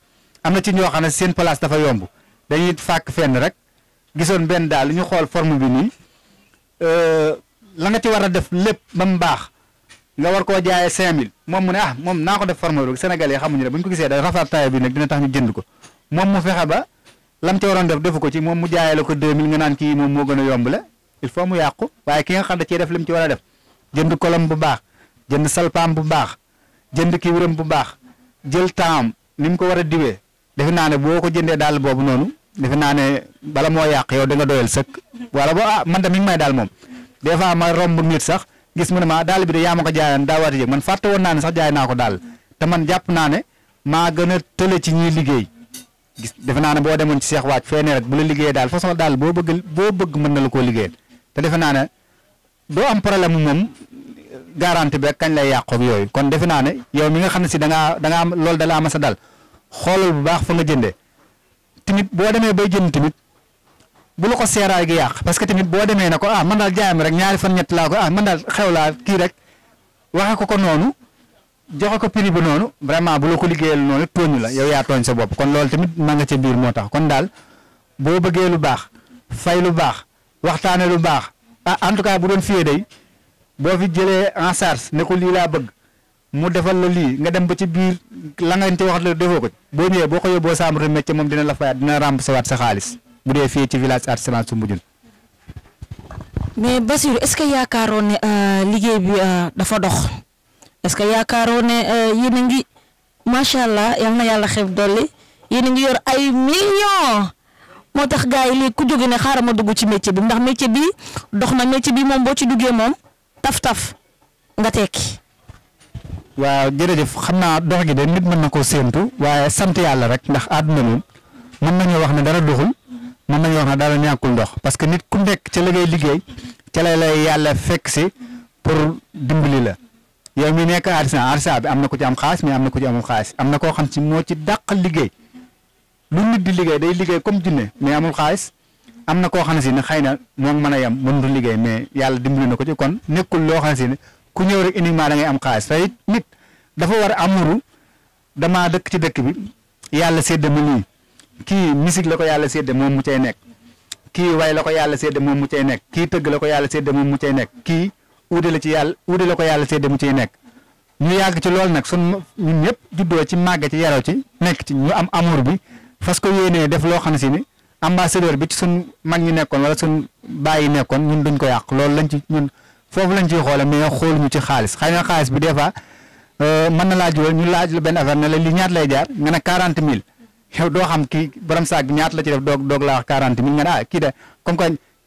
am na ci ñoo xam ne seen place dafa yomb dañuy fàkk fenn rek gisoon benn daal ñu xool forme bi nii euh, la nga ci war a def lépp ba mu baax nga war koo jaayee 5000 moom mu ne ah moom naa ko def form bi Sénégalais yi xamuñu ne ko gisee da rafetaay bi nag dina tax ñu jënd ko lam ca waroon def defu ko ci moom mu jaayee la ko 2000 nga naan kii moom moo gën a yomb la il faut mu yàqu waaye ki nga xam da cee def lim ci war a def jënd kolom bu baax jënd salpaam bu baax jënd kibiram bu baax jël taam ni mu ko war a diwee defe naa ne boo ko jëndee daal boobu noonu defe naa ne bala moo yàq yow da nga doyal sëkk wala boo ah man de mi ngi may daal moom des fois ma romb nit sax gis mu ne ma ah, daal bi de yaa ma ko jaayoon daawaati jëg man fàtte woon naa jaay naa ko daal te man jàpp naa ne maa gën a tële ci ñiy liggéey gis defe naa ne boo demoon ci seex waaj feene rek bu la liggéeyee daal façon daal boo bëgg boo bëgg mën na la koo liggéeyal te defe naa ne am problème moom garanti beeg kañ lay yàqoog yooyu kon defe naa ne yow mi nga xam ne si da ngaa da ngaa am loolu da ma am sa dal xoolal bu baax fa nga jëndee tamit boo demee bay jënd tamit bu la ko seeraay gi yàq parce que tamit boo demee na ko ah man daal jaayam rek ñaari fan ñett laa ko ah man daal xew laa kii rek joxe ko prix bi nonu vraiment bu la ko liggéeyal nonu toñu la yow ya toñ sa bop kon loolu tamit ma nga ci biir motax kon dal bo beugé lu bax fay lu bax waxtane lu bax ah en tout cas bu doon fié day bo fi jëlee en charge ne ko li la bëgg mu defal la li nga dem ba ci biir la nga wax la ko ko métier mom dina la fay dina sa wat sa bu dé fié ci village artisanal su mais basir est-ce que ne euh, liggéey bi euh, dafa dox est-ce que yaakaaroo ne euh, yéen ngi macha allah yal na yàlla xeeb dolli yéen ngi yor ay millions moo tax gaa yi léegi ku jóge ne xaaral ma dugg ci métier bi ndax métier bi dox na métier bi moom boo ci duggee moom taf-taf nga tekki. waaw jërëjëf xam naa dox gi de nit mën na ko séentu waaye sant yàlla rek ndax àdduna moom mën nañoo wax ne dara doxul mën nañoo wax ne daal ñàkkul ndox parce que nit ku nekk ca la ngay liggéey ca la lay yàlla fekk si pour dimbali la. yow mi nekk artisan artisan bi am na ku ci am xaalis mais am na ko ci amul xaalis am na koo xam ci moo ci dàq liggéey lu nit di liggéey day liggéey comme jinne mais amul xaalis am na koo xam ne si ne xëy na moom mën a yem mënut liggéey mais yàlla dimbali na ko ci kon nekkul loo xam ne si ne ku ñëw rek uniquement da ngay am xaalis te it nit dafa war a amuru damaa dëkk ci dëkk bi yàlla sédd ma lii kii musique la ko yàlla sédd moom mu cay nekk kii way la ko yàlla sédd moom mu cay nekk kii tëgg la ko yàlla sédd moom mu cay nekk kii wuute la ci yàlla wuute la ko yàlla seede mu ciy nekk ñu yàgg ci loolu nag sun ñun ñëpp juddoo ci màgg ci yaroo ci nekk ci ñu am amour bi fas ko yéenee def loo xam ne si ni ambassadeur bi ci sun mag ñi nekkoon wala sun bàyyi nekkoon ñun duñ ko yàq loolu lañ ci ñun foofu lañ ciy xoole mais xooluñu ci xaalis xëy na xaalis bi des fois euh, mën na laa jural ñu laaj la benn affaire ne la li ñaat lay jaar nga ne quarante mille yow doo xam kii borom saag bi ñaat la ci def doog doog laa quarante mille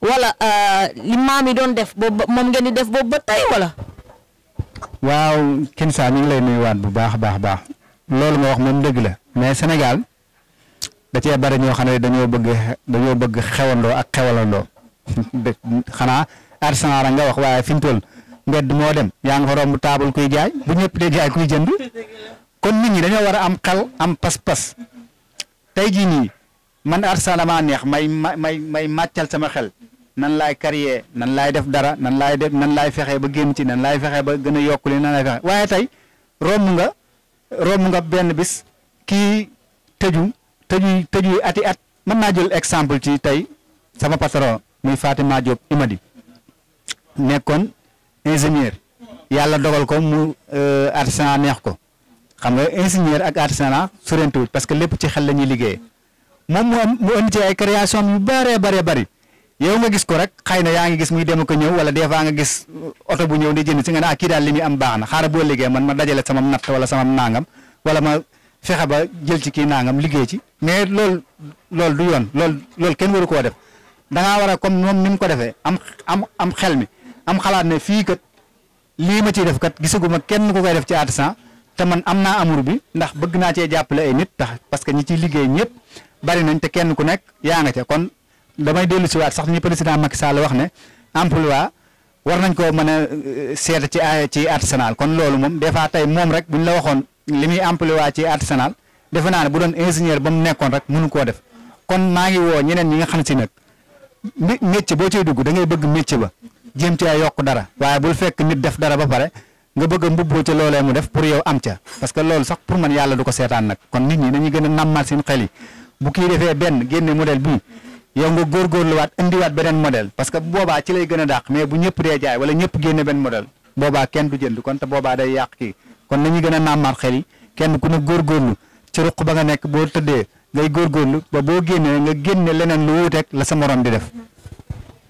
wala ah, li maam yi def boobu ngeen di def bo ba tay wala. waaw Kensa ñu ngi lay nuyuwaat bu baax a baax baax loolu nga wax mom deug la mais senegal da ci bari ñoo xam dañoo bëgg dañoo bëgg xewando ak xewalando xana arsenal nga wax waaye fiñ tol toll mbedd moo dem ya nga fa romb taabal kuy jaay bu ñepp de jaay kuy jënd kon nit ñi dañoo wara am xal am pas-pas tay ji ni man artisanat damaa neex may may may matchal sama xel. nan laay carrière nan laay def dara nan laay def nan laay fexe ba génn ci nan laay fexe ba gën a yokk li nan laay fexe waaye tey romb nga romb nga benn bis kii tëju tëju tëju ati at mën naa jël exemple ci tey sama patron muy Fatima Diop Imadi nekkoon ingénieur yàlla dogal ko mu euh, artisanat neex ko xam nga ingénieur ak artisanat ah surentuwuj parce que lépp ci xel la ñuy liggéeyee moom mu am mu indi ci ay création yu bëree bëree bëri yow nga gis ko rek xëy na yaa ngi gis muy dem ko ñëw wala des fois nga gis oto bu ñëw di jënd si nga ne ah kii daal li muy am baax na xaaral boo liggéey man ma dajale sama natt wala sama nangam wala ma fexe ba jël ci kii nangam liggéey ci mais loolu loolu du yoon lool loolu kenn waru koo def da war a comme moom ni mu ko defee am am am xel mi am xalaat ne fii kat lii ma ciy def kat gisaguma kenn ku koy def ci artisan te man am naa amour bi ndax bëgg naa cee jàppale nit tax parce que ñi ciy liggéey ñëpp bari nañ kenn ku nekk yaa nga ca kon damay dellu si waat sax ni président Macky Sall wax ne emploi war nañ koo mën a euh, seet ci euh, ci artisanal kon loolu moom des fois tey moom rek bu ñu la waxoon li muy emploi ci artisanal defe naa ne bu doon ingénier ba mu nekkoon rek munu koo def kon maa ngi woo ñeneen ñi nga xam si nag métier boo cay dugg da ngay bëgg métier ba jéem ci yokk dara waaye bul fekk nit def dara ba pare nga bëgg mbubboo ca loolee mu def pour yow am ca parce que loolu sax pour man yàlla du ko seetaan nag kon nit ñi dañuy gën a nammal seen xel yi bu kii defee yow nga góorgóorluwaat indiwaat beneen model parce que boobaa ci lay gën a dàq mais bu ñëpp dee jaay wala ñëpp génne benn modèle booba kenn du jënd kon te boobaa day yàq kii kon nañu gën a nàmmaat xel yi kenn ku ne góorgóorlu ci ruq ba nga nekk boo tëddee ngay góorgóorlu ba boo génnee nga génne leneen lu wuuteeg la sa morom di def.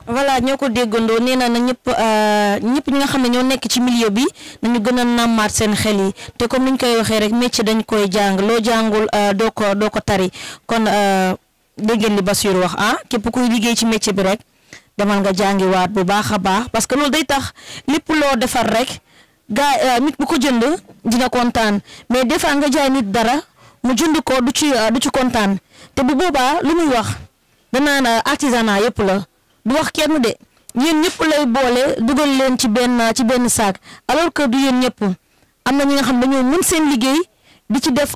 voilà ñoo ko déggandoo nee na na ñëpp euh, ñëpp ñi nga xam ne ñoo nekk ci milieu bi nañu gën a seen xel yi te comme niñ koy waxee rek métier dañ koy jàng loo jàngul euh, doo ko doo ko tari kon. Euh, dégg ngeen li Bassirou wax ah képp kuy liggéey ci métier bi rek demal nga jàngiwaat bu baax a baax parce que loolu day tax lépp loo defar rek gaa euh, nit bu ko jënd dina kontaan mais des nga jaay nit dara mu jënd ko du ci euh, du ci kontaan te bu boobaa lu muy wax danaan euh, artisanat yëpp la du wax kenn de yéen ñëpp lay boole dugal leen ci benn ci benn saak alors que du yéen ñëpp am na ñi nga xam dañoo mën seen liggéey di ci def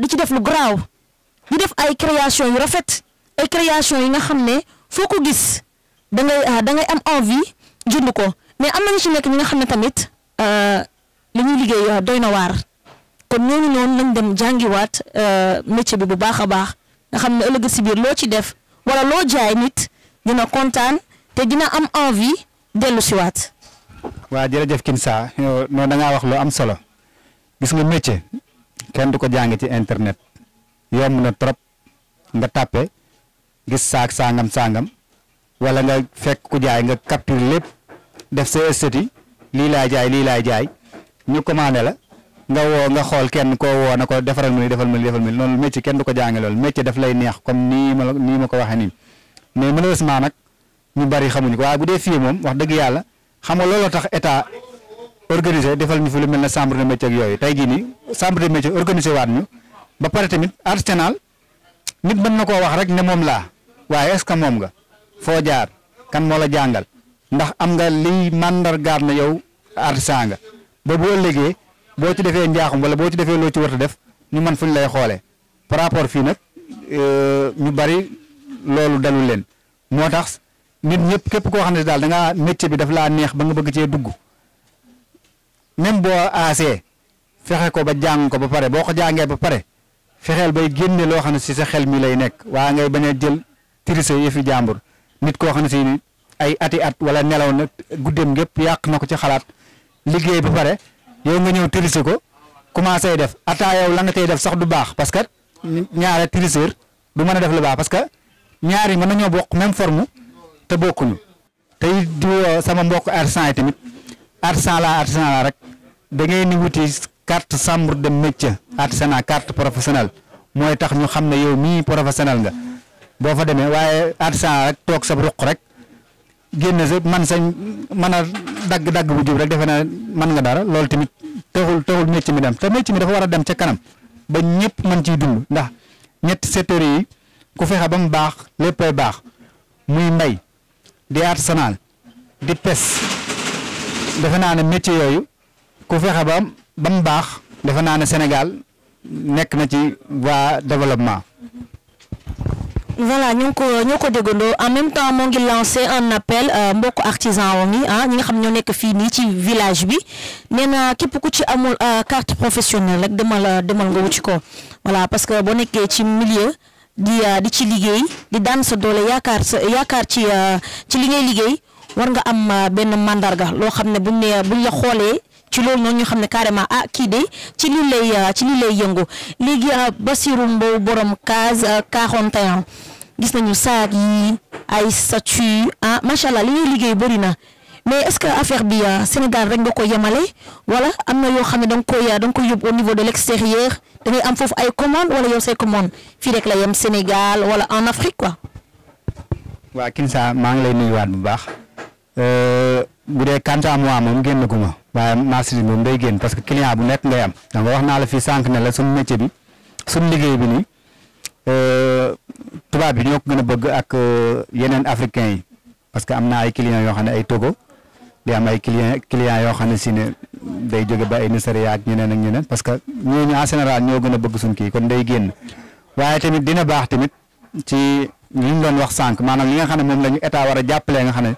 du ci def lu garaaw. ñu def ay création yu rafet ay création yi nga xam ne foo ko gis da ngay ah, da am envie jënd ko mais am nañu ci nekk ñi nga xam ne tamit euh, li ñuy liggéey euh, doy na waar kon ñooñu noonu nañ dem jàngiwaat euh, métier bi bu baax a baax nga xam ne ëllëg si biir loo ci def wala loo jaay nit dina kontaan te dina am envie dellu siwaat. waa jërëjëf Kinsa noonu da ngaa wax loo am solo gis nga métier kenn du ko jàng ci internet. yom na trop nga tapé gis sak sangam sangam wala nga fekk ku jaay nga capture lepp def sa esthétique li la jaay li la jaay ñu commandé la nga wo nga xol kenn ko wo nako ko defaral defal ma defal ma non metti kenn du ko jànge loolu métier daf lay neex comme ni ma ni ma ko waxé ni mais malheureusement nak ñu bari xamuñu ko waay bu dé fi mom wax dëgg yalla xam nga looloo tax état organisé defal ñu fi lu melni chambre de métier ak yoy tay gi ni chambre de métier organisé waat ñu ba pare tamit Arsenal nit mën na koo wax rek ne moom laa waaye est moom nga foo jaar kan moo la jàngal ndax am nga liy màndargaar na yow artisan nga ba boo ëllëgee boo ci defee njaaxum wala boo ci defee loo ci war a def ñu man fuñ lay xoolee par rapport fii nag euh, ñu bari loolu dalul leen moo tax nit ñëpp képp koo xam ne daal da ngaa métier bi daf laa neex ba nga bëgg cee dugg même boo aasee fexe ko ba jàng ko ba pare boo ko jàngee ba pare fexel bay génne lo xam ci sa xel mi lay nek wa ngay bañ djel trisse yefi jambour nit ko xam ci ay ati at wala nelaw na guddem gépp yak nako ci xalat liggéey bu pare yow nga ñew trisse ko commencé def ata yow la nga tay def sax du bax parce que ñaara trisseur du mëna def lu bax parce que ñaari mëna ñoo bok même forme te bokku te tay di sama mbokk arsan tamit arsan la arsan la rek da ngay ni wuti carte sembre de métier artisanat carte professionnelle mooy tax ñu xam ne yow mii professionnel nga boo fa demee waaye artisanat rek toog sa ruq rek génn sa man sa man a dagg-dagg bu jub rek defe naa man nga dara loolu tamit taxul taxul métier mi dem te métier mi dafa war a dem ca kanam ba ñëpp mën ciy dund ndax ñetti secteurs yi ku fexe ba mu baax léppay baax muy mbay di artisanal di pes defe naa ne métier yooyu ku fexe ba ba mu baax defe naa ne Sénégal nekk na ci waa développement. voilà ñoo ngi ko ñoo ko déggandoo en même temps moo ngi lancé un appel euh, mbokk artisan yi ah ñi nga xam ñoo nekk fii nii ci village bi nee na képp ku ci amul euh, carte professionnelle rek demal euh, demal nga wuti ko voilà parce que boo nekkee ci milieu di di ci liggéey di daan sa doole yaakaar sa yaakaar ci ci li ngay liggéey war nga am benn mandarga loo xam ne buñ ne la xoolee. ci loolu noonu ñu xam ne carrément ah kii de ci lii lay euh, ci lii lay yëngu léegi euh, Basirou Mbow borom case 41 euh, gis nañu saag yi ay statue ah macha li ñuy liggéey bëri na mais est-ce que affaire bi Sénégal rek nga ko yemale wala am na yoo xam ne da ko koy da ko koy yóbbu au niveau de l'extérieur da ngay am foofu ay commande wala yow say commande fii rek la yem Sénégal wala en Afrique quoi. waa maa ngi lay nuyuwaat bu baax. bu dee kanta am moom génn gu ma waaye marché bi moom day genn parce que client bu nekk ngay am da nga wax na la fi sank ne la sun métier bi sun liggéey bi ni euh tuba bi ñoo gëna bëgg ak euh, yenen africain yi parce que amna ay client yo xam ay Togo di am ay client client yo xam ne ne day jóge ba ay Nigeria ak ñeneen ak ñeneen parce que ñu en général ñoo gëna bëgg sun ki kon day genn waye tamit dina baax tamit ci li ñu doon wax sank manam li nga xam mom lañu état wara jappalé nga xam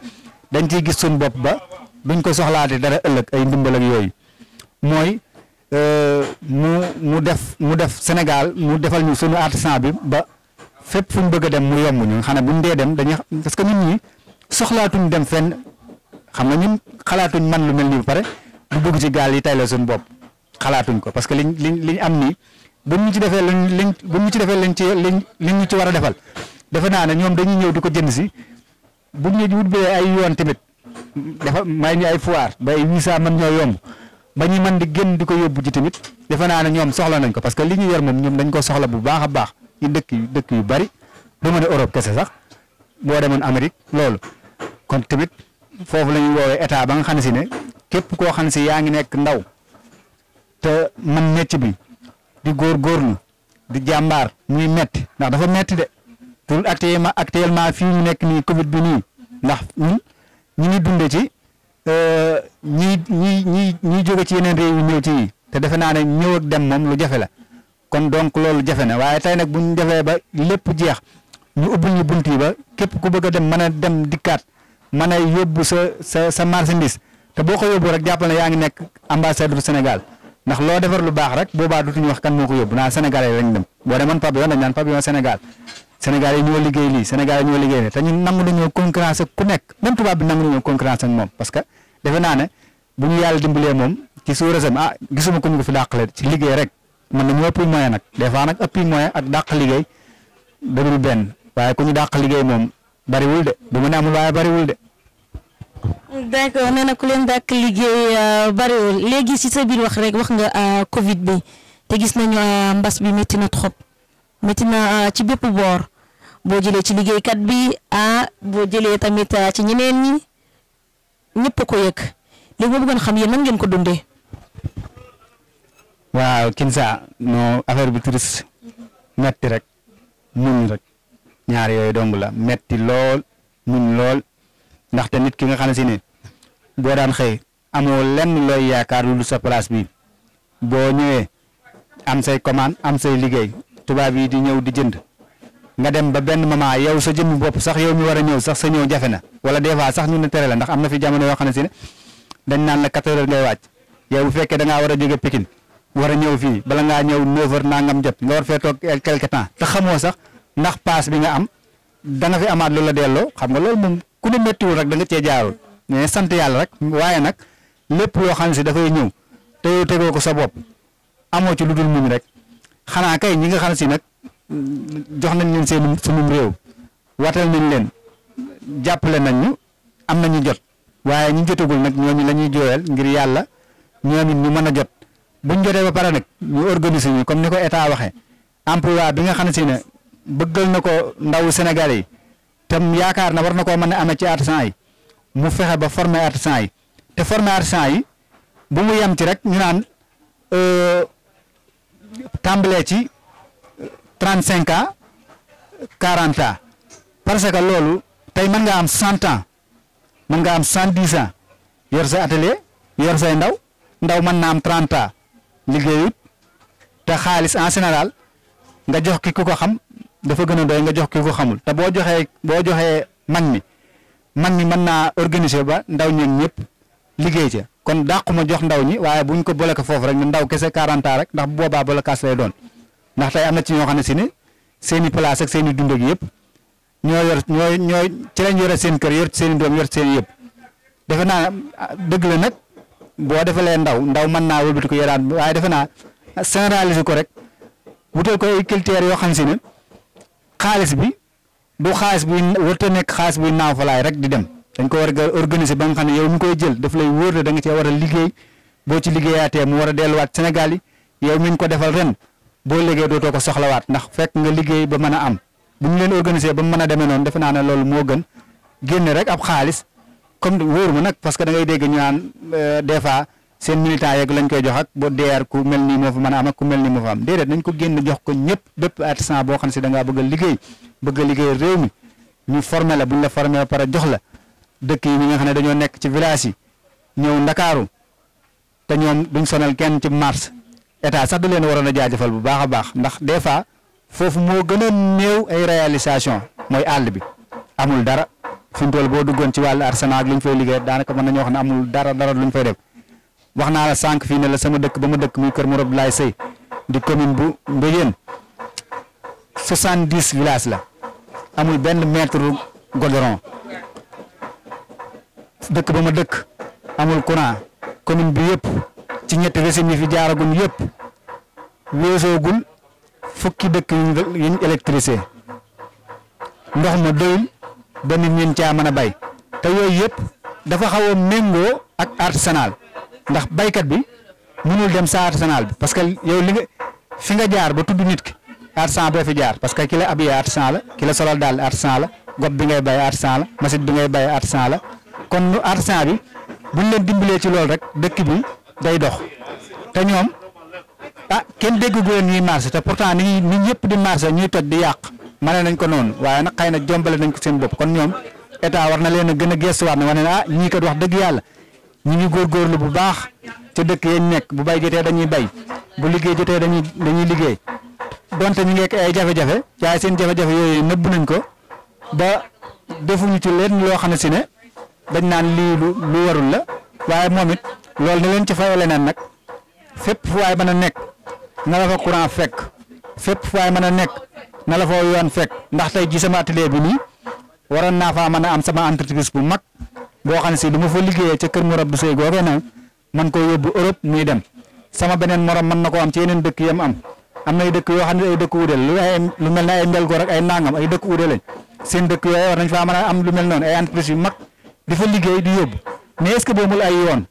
dañ ciy gis suñu bopp ba duñ ko soxlaate dara ëllëg ay ndimbal yooyu mooy euh, mu mu def mu def Sénégal mu defal ñu suñu artisan bi ba fépp fu ñu bëgg a dem mu yomb ñu xam ne buñ dee dem dañuy parce que nit ñi soxlaatuñ dem fenn xam nga ñun xalaatuñ man lu mel nii pare du dugg ci gaal yi tay la bopp xalaatuñ ko parce que liñ liñ liñ am nii buñ ñu ci defee liñ liñ buñ ñu ci defee liñ ci liñ liñ ñu ci war a defal defe naa ne ñoom dañuy ñëw di ko jënd si bu ñu wut bee ay yoon tamit dafa may ñu ay foire ba ay visa mën ñoo yomb ba ñu mën di génn di ko yóbbu ji tamit defe naa ne ñoom soxla nañ ko parce que li ñu yor moom ñoom dañ ko soxla bu baax a baax ñu dëkk yu dëkk yu bari du ma ne Europe kese sax boo demoon Amérique loolu kon tamit foofu la ñuy woowee état ba nga xam si ne képp koo xam si yaa ngi nekk ndaw te man métti bi di góorgóorlu di jàmbaar muy metti ndax dafa metti de. te actuellement actuellement fii mu nekk nii Covid bi nii ndax ñu ngi dunde ci euh, ñi ñi ñi ñi jóge ci yeneen réew yu ñëw ci te defe naa ne ñëw dem moom lu jafe la kon donc loolu jafe na waaye tey nag bu ñu defee ba lépp jeex ñu ubbil ñu bunt yi ba képp ku bëgg a dem mën a dem dikkaat mën a yóbbu sa sa sa marchandise te boo ko yóbbu rek jàppale ne yaa ngi nekk ambassadeur Sénégal ndax loo defar lu baax rek boobaa dutuñu wax kan moo ko yóbbu naa Sénégalais lañ dem boo demoon pavillon dañ naan pavillon Sénégal Sénégal yi ñoo liggéey lii Sénégal yi ñoo liggéey lii te ñun nangu nañoo concurrence ku nekk même tubaab bi nangu nañoo concurrence ak moom parce que defe naa ne bu ñu yàlla dimbalee moom ci sóorasam ah gisuma ko ñu ko fi dàqale ci liggéey rek mën nañu ëpp moyen nag des fois nag ëpp moyen ak dàq liggéey dadul benn waaye ku ñu dàq liggéey moom bariwul de bu mu ne amul waaye bariwul de. d'accord nee na ku leen dàq liggéey euh, bariwul léegi si sa biir wax rek wax nga euh, Covid bi te gis nañu euh, mbas bi métti na trop. metina ah, ci bépp bor bo jëlee ci kat bi a bo jëlee tamit ci ñeneen ñi ñëpp ko yek li nga bëggon xam yeen nan ngeen ko dundé waaw Kinsa no affaire bi triste metti rek ñun rek ñaar yoy dong la metti lool lol lool ndaxte nit ki nga xam ci si ne boo daan xey amo lenn loy yaakar lu sa place bi bo ñëwee am say commande am say liggéey tubaab yi di ñew di jënd nga dem ba benn mama yow sa jëmmi bopp sax yow mi war a ñëw sax sa ñëw jafe na wala des fois sax ñu ne tere la ndax am na fi jamono yoo xam ne si ne dañ naan la 4 heures ngay wàcc yow bu fekkee da ngaa war a jóge Pikine war a ñëw fii bala ngaa ñëw 9 heures nangam jot nga war fee toog quelque temps te xamoo sax ndax paas bi nga am da nga fi amaat lu la delloo xam nga loolu moom ku ne méttiwul rek da nga cee jaarul mais sant yàlla rek waaye nag lépp loo xam ne si dafay ñëw te yow tegoo ko sa bopp amoo ci lu dul muñ rek xanaa kay ñi nga xam si nag jox nañ leen seen sunum réew watal nañ leen jàppale nañ ñu am nañu jot waaye ñi jotagul nag ñooñu la ñuy jooyal ngir yàlla ñoom it ñu mën a jot buñ jotee ba pare nag ñu organiser ñu comme ni ko état waxee emploi bi nga xam si ne bëggal na ko ndaw Sénégal yi tam yaakaar na war na koo mën a amee ci artisan yi mu fexe ba former artisan yi te former artisan yi bu mu yem ci rek ñu naan euh, tàmbalee ci trent cinq ans quarante ans parce que loolu tey mën nga am cent ans mën nga am cent dix ans yor sa atelier yor say ndaw ndaw mën naa am trente ans liggéeyut te xaalis en sénégal nga jox ki ku ko xam dafa gën a doy nga jox ki ko xamul te boo joxee boo joxee mag mi mag mi mën naa organiser ba ndaw ñoom ñëpp liggéey ca. kon dàquma jox ndaw ñi waaye buñ ko boole foofu rek ne ndaw kese 40 ans rek ndax bu boobaa bolokaas lay doon ndax tey am na ci ñoo xam ne si ni seeni i place ak seen i dund ak yëpp ñoo yor ñoo ñoo ci yore seen kër yor seen i doom yor seen yëpp defe naa dëgg la nag boo defalee ndaw ndaw mën naa wëlbati ko yoraan waaye defe naa généraliser ko rek wutal ko ay yoo xam si ne xaalis bi du xaalis buy wërta nekk xaalis buy naaw falaay rek di dem. dañ ko war a organiser ba nga xam ne yow mi koy jël daf lay wóor da nga ci war a liggéey boo ci liggéeyaatee mu war a delluwaat Sénégal yi yow mi ko defal ren boo liggéey dootoo ko soxlawaat ndax fekk nga liggéey ba mën a am bu ñu leen organiser ba mu mën a demee noonu defe naa ne loolu moo gën génne rek ab xaalis comme wóor ma nag parce que da ngay dégg ñu naan euh, des fois seen militant yeeg lañ koy jox ak bo DR ku mel nii moo fa mën a am ak ku mel nii moo fa am déedéet nañ ko génn jox ko ñëpp bépp artisan boo xam si da ngaa bëgg a liggéey bëgg a liggéey réew mi ñu formé la bu ñu la formé ba pare jox la dëkk yi nga xam ne dañoo nekk ci village yi ñëw ndakaaru te ñoom duñ sonal kenn ci mars état sax da leen waroon a jaajëfal bu baax a baax ndax des fois foofu moo gën a néew ay réalisation mooy àll bi amul dara fi mu toll boo duggoon ci wàll arsenal ak lu ñu liggéey daanaka mën na nañoo wax ne amul dara dara lu ñu fay def wax naa la sànq fii ne la sama dëkk ba ma dëkk muy Kër Mor laay Seye di commune bu Mbéjéen soixante-dix village la amul benn mètre goudron dëkk ba ma dëkk amul courant commune bi yëpp ci ñetti régime yi fi jaaragum yëpp weesoogul fukki dëkk yu ñu électricité ndox ma doyul ba nit ñeen caa mën a bay te yooyu yëpp dafa xawa a méngoo ak artisanal ndax baykat bi mënul dem sa artisanal bi parce que yow li nga fi nga jaar ba tudd nit ki artisan boo fi jaar parce que ki la abiyee artisan la ki la solal daal artisan la gob bi ngay bay artisan la machine bi ngay bay artisan la kon arsan bi buñ leen dimbalé ci lool rek dekk bi day dox té ñom ah kenn dégg gu ñuy marché té pourtant ni ñi ñëpp di marché ñuy toj di yaq mané nañ ko non waye nak xayna jombalé nañ ko seen bop kon ñom état war na leen gëna gëss waat gëstuwaat na ñi ko wax dëgg ñi ñu gor lu bu baax ca dekk yeen nekk bu bay jété dañuy bay bu liggéey jété dañuy dañuy liggéey donte ñu ngi ay jafe-jafe jaay seen jafe-jafe yoy neub nañ ko ba defuñu ci leen lo xamné ci dañ nan li lu warul la waye momit it loolu da leen ci fayale nan nak fep fu mana nek na la fa courant fek fep fu mana nek na la fa yoon fek ndax tay ji sama atelier bi nii waroon na fa mana am sama entreprise bu mak bo xam ne fa liggéeyee na man ko yobbu Europe muy dem sama benen morom man nako am ci yenen dekk yam am am na dekk yo yoo ay dekk uudel lu ay lu mel ay mbel gor ak ay nangam ay lañ seen dekk yo war nañ fa mana am lu mel non ay entreprise yu mak di fa liggéey di yóbbu mais est ce que ay yoon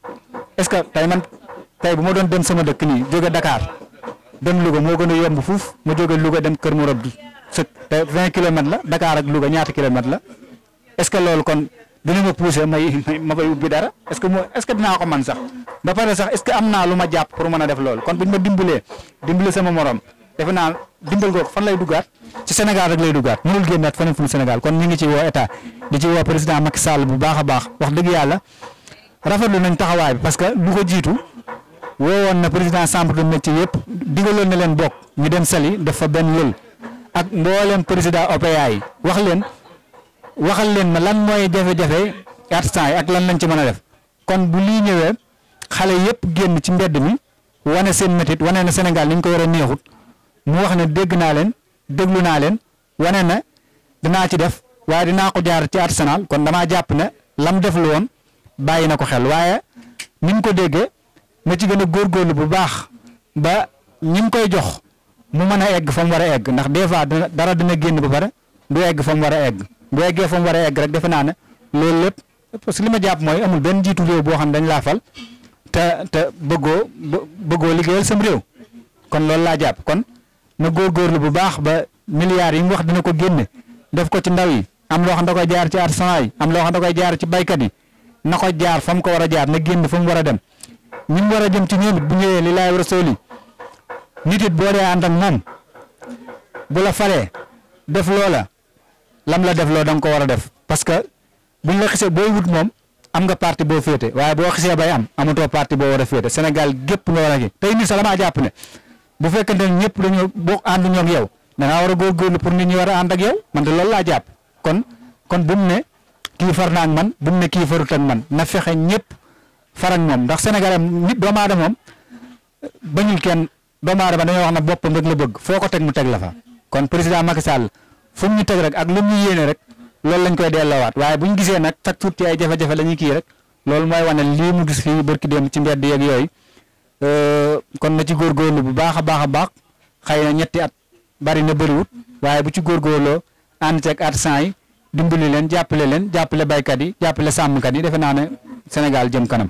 est ce que tey man tey bu ma doon dem sama dëkk nii jóge Dakar dem Louga moo gën a yomb fuuf ma jóge Louga dem Kër Morab bi sëkk te 20 kilomètres la Dakar ak Louga ñaata kilomètres la est ce que loolu kon dina ma poussé ma ma fay ubbi dara est que moo est ce dinaa ko man sax ba pare sax est ce que am naa lu ma jàpp pour mën a def loolu kon bu ñu ma dimbalee dimbali sama morom. defe naa dimbal googu fan lay duggaat ci Sénégal rek lay duggaat mënul génnaat feneen fu Sénégal kon ñu ngi ci woo état di ci woo président Macky Sall bu baax a baax wax dëgg yàlla rafet rafetlu nañ taxawaay bi parce que lu ko jiitu woon na président chambre de métier yëpp digaloon na leen bokk ñu dem sali def fa benn lël ak mbooleem président OPA yi wax leen waxal leen ma lan mooy jafe-jafe artisans yi ak lan lañ ci mën a def kon bu lii ñëwee xale yëpp génn ci mbedd mi wane seen métit wane na Sénégal ni ko war a mu wax ne dégg naa leen déglu naa leen wane na dinaa ci def waaye dinaa ko jaar ci Arsenal kon damaa jàpp ne lam def lu woon bàyyi na ko xel waaye ni ko déggee na ci gën a góorgóorlu bu baax ba ñi koy jox mu mën a egg fa mu war a egg ndax des fois dara dina génn ba pare du egg fa mu war a egg bu eggee fa mu war a egg rek defe naa ne loolu lépp parce que li ma jàpp mooy amul benn jiitu réew boo xam dañ laa fal te te bëggoo bëggoo liggéeyal sam réew kon loolu laa jàpp kon. na lu bu baax ba milliard yi wax dina ko génne def ko ci ndaw yi am lo xam da koy jaar ci artisan yi am lo xam da koy jaar ci baykat yi na ko jaar fam ko wara jaar na génn fam wara dem ñi wara dem ci ñeen bu ñewé li lay rasuli nitit bo nit it bu la falee def lola lam la def lo dang ko wara def parce que bu la xisse boy wut mom am nga parti bo fété waye bo xisse bay am amatoo parti bo wara a féete Sénégal gépp nga war gi tay ni sax japp ne bu fekkente ne ñëpp dañoo boo ànd ñoom yow da ngaa war a góorgóorlu pour nit ñi war a ànd ak yow man de laa jàpp kon kon bu mu ne kii far na ak man bu mu ne kii farut ak man na fexe ñëpp far ak moom ndax Sénégal nit doomu aadama moom bañul kenn doomu aadama dañoo wax na boppam rek la bëgg foo ko teg mu teg la fa. kon président Macky Sall fu mu ñu teg rek ak lu mu ñu yéene rek loolu lañ koy delloowaat waaye bu gisee nag chaque jour ci ay jafe-jafe la ñuy kii rek loolu mooy wane lii mu gis fii barki dem ci mbedd yeeg yooyu. Euh, kon na ci góor góorgóorlu bu baax a baax a baax xëy na ñetti at bari na bëriwut waaye bu ci góor góorgóorloo ànd ceeg artisan yi dimbali leen jàppale leen jàppale baykat yi jàppale sàmmkat yi defe naa ne Sénégal jëm kanam.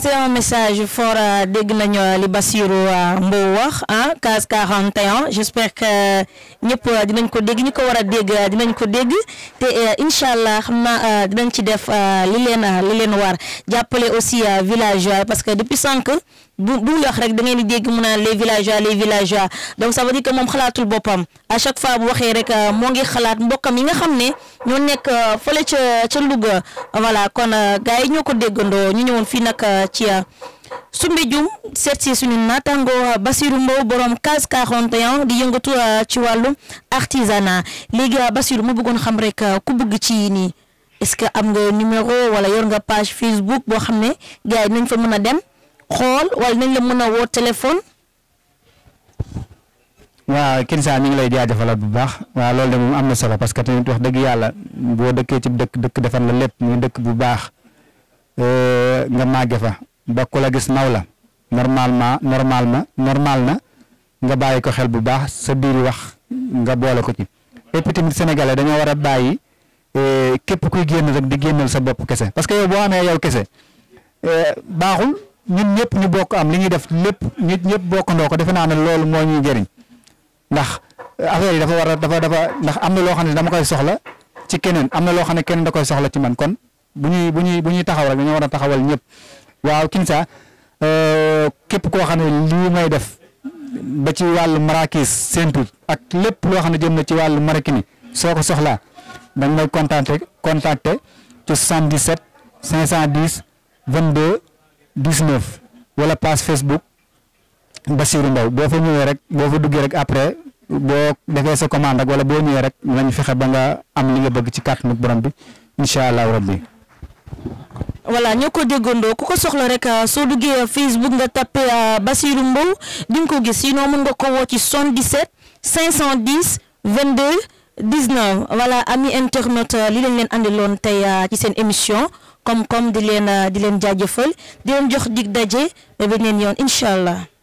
c'est un message fort dégg nañu euh, li Bassirou euh, Mbow wax ah case 41 j'espère que euh, ñëpp dinañ ko dégg ñi ko war a dégg dinañ ko dégg te incha allah xam naa dinañ ci def li leen li leen war jàppale aussi village parce que depuis sànq. bu bu wax rek da ngeen di dégg mu naan les villageois les villageois donc ça veut dire moom xalaatul boppam à chaque fois bu waxee rek euh, moo ngi xalaat mbokkam yi nga xam ne ñoo nekk euh, fële ca ca Louga voilà kon euh, gars yi ñoo ko déggandoo ñu ñëwoon fii nag ci Soumbédioune seet si suñu naataango Basirou Mbow borom case 41 di yëngatu ci wàllu artisanat léegi Basirou mu bëggoon xam rek ku bëgg ci nii est-ce que am nga numéro wala yor nga page Facebook boo xam ne gars yi nañ fa mën a dem. xool wala nañ la mën a woo téléphone. waaw Kinsa ñu ngi lay jaajëfalal bu baax waaw loolu de moom am na solo parce que tamit wax dëgg yàlla boo dëkkee ci dëkk dëkk defar la lépp muy dëkk bu baax euh, nga màgge fa bokk a gis naw la normalement normalement normal na nga bàyyi ko xel bu baax sa biir wax nga boole ko ci. et puis tamit sénégalais dañoo war a bàyyi euh, képp kuy génn rek di génnal sa bopp kese parce que yow boo amee yow kese euh, baaxul. nit ñepp ñu bokk am li ñuy def lepp nit ñepp bokk ndoko defe na lool loolu ñuy jëriñ ndax euh, affaire yi dafa wara dafa dafa ndax amna lo xamne dama koy soxla ci keneen amna lo xamne keneen da koy soxla ci man kon bu ñuy bu ñuy bu ñuy taxaw rek dañoo war taxawal ñepp waaw Kinsa euh kep ko xamne li may def ba ci walu marakis simple ak lepp lo xamne jëm na ci walu marakini soko soxla dañ da may contacter contacter ci 77 510 22. 19 wala page Facebook Bassirou Mbaw boo fa ñëwee rek boo fa duggee rek après boo defee sa commande rek wala boo ñëwee rek dinañ fexe ba nga am li nga bëgg ci kàttanu borom bi incha allahu rabbi. voilà ñoo ko déggandoo ku ko soxla rek euh, soo duggee Facebook nga tapé euh, Bassirou Mbaw di nga ko gis sinon mën nga ko woo ci 77 510 22 19 voilà ami internaute euh, li lañ leen andiloon tey ci seen émission. koom-koom di leen di leen jaajëfal di leen jox dig daje ba beneen yoon incha allah.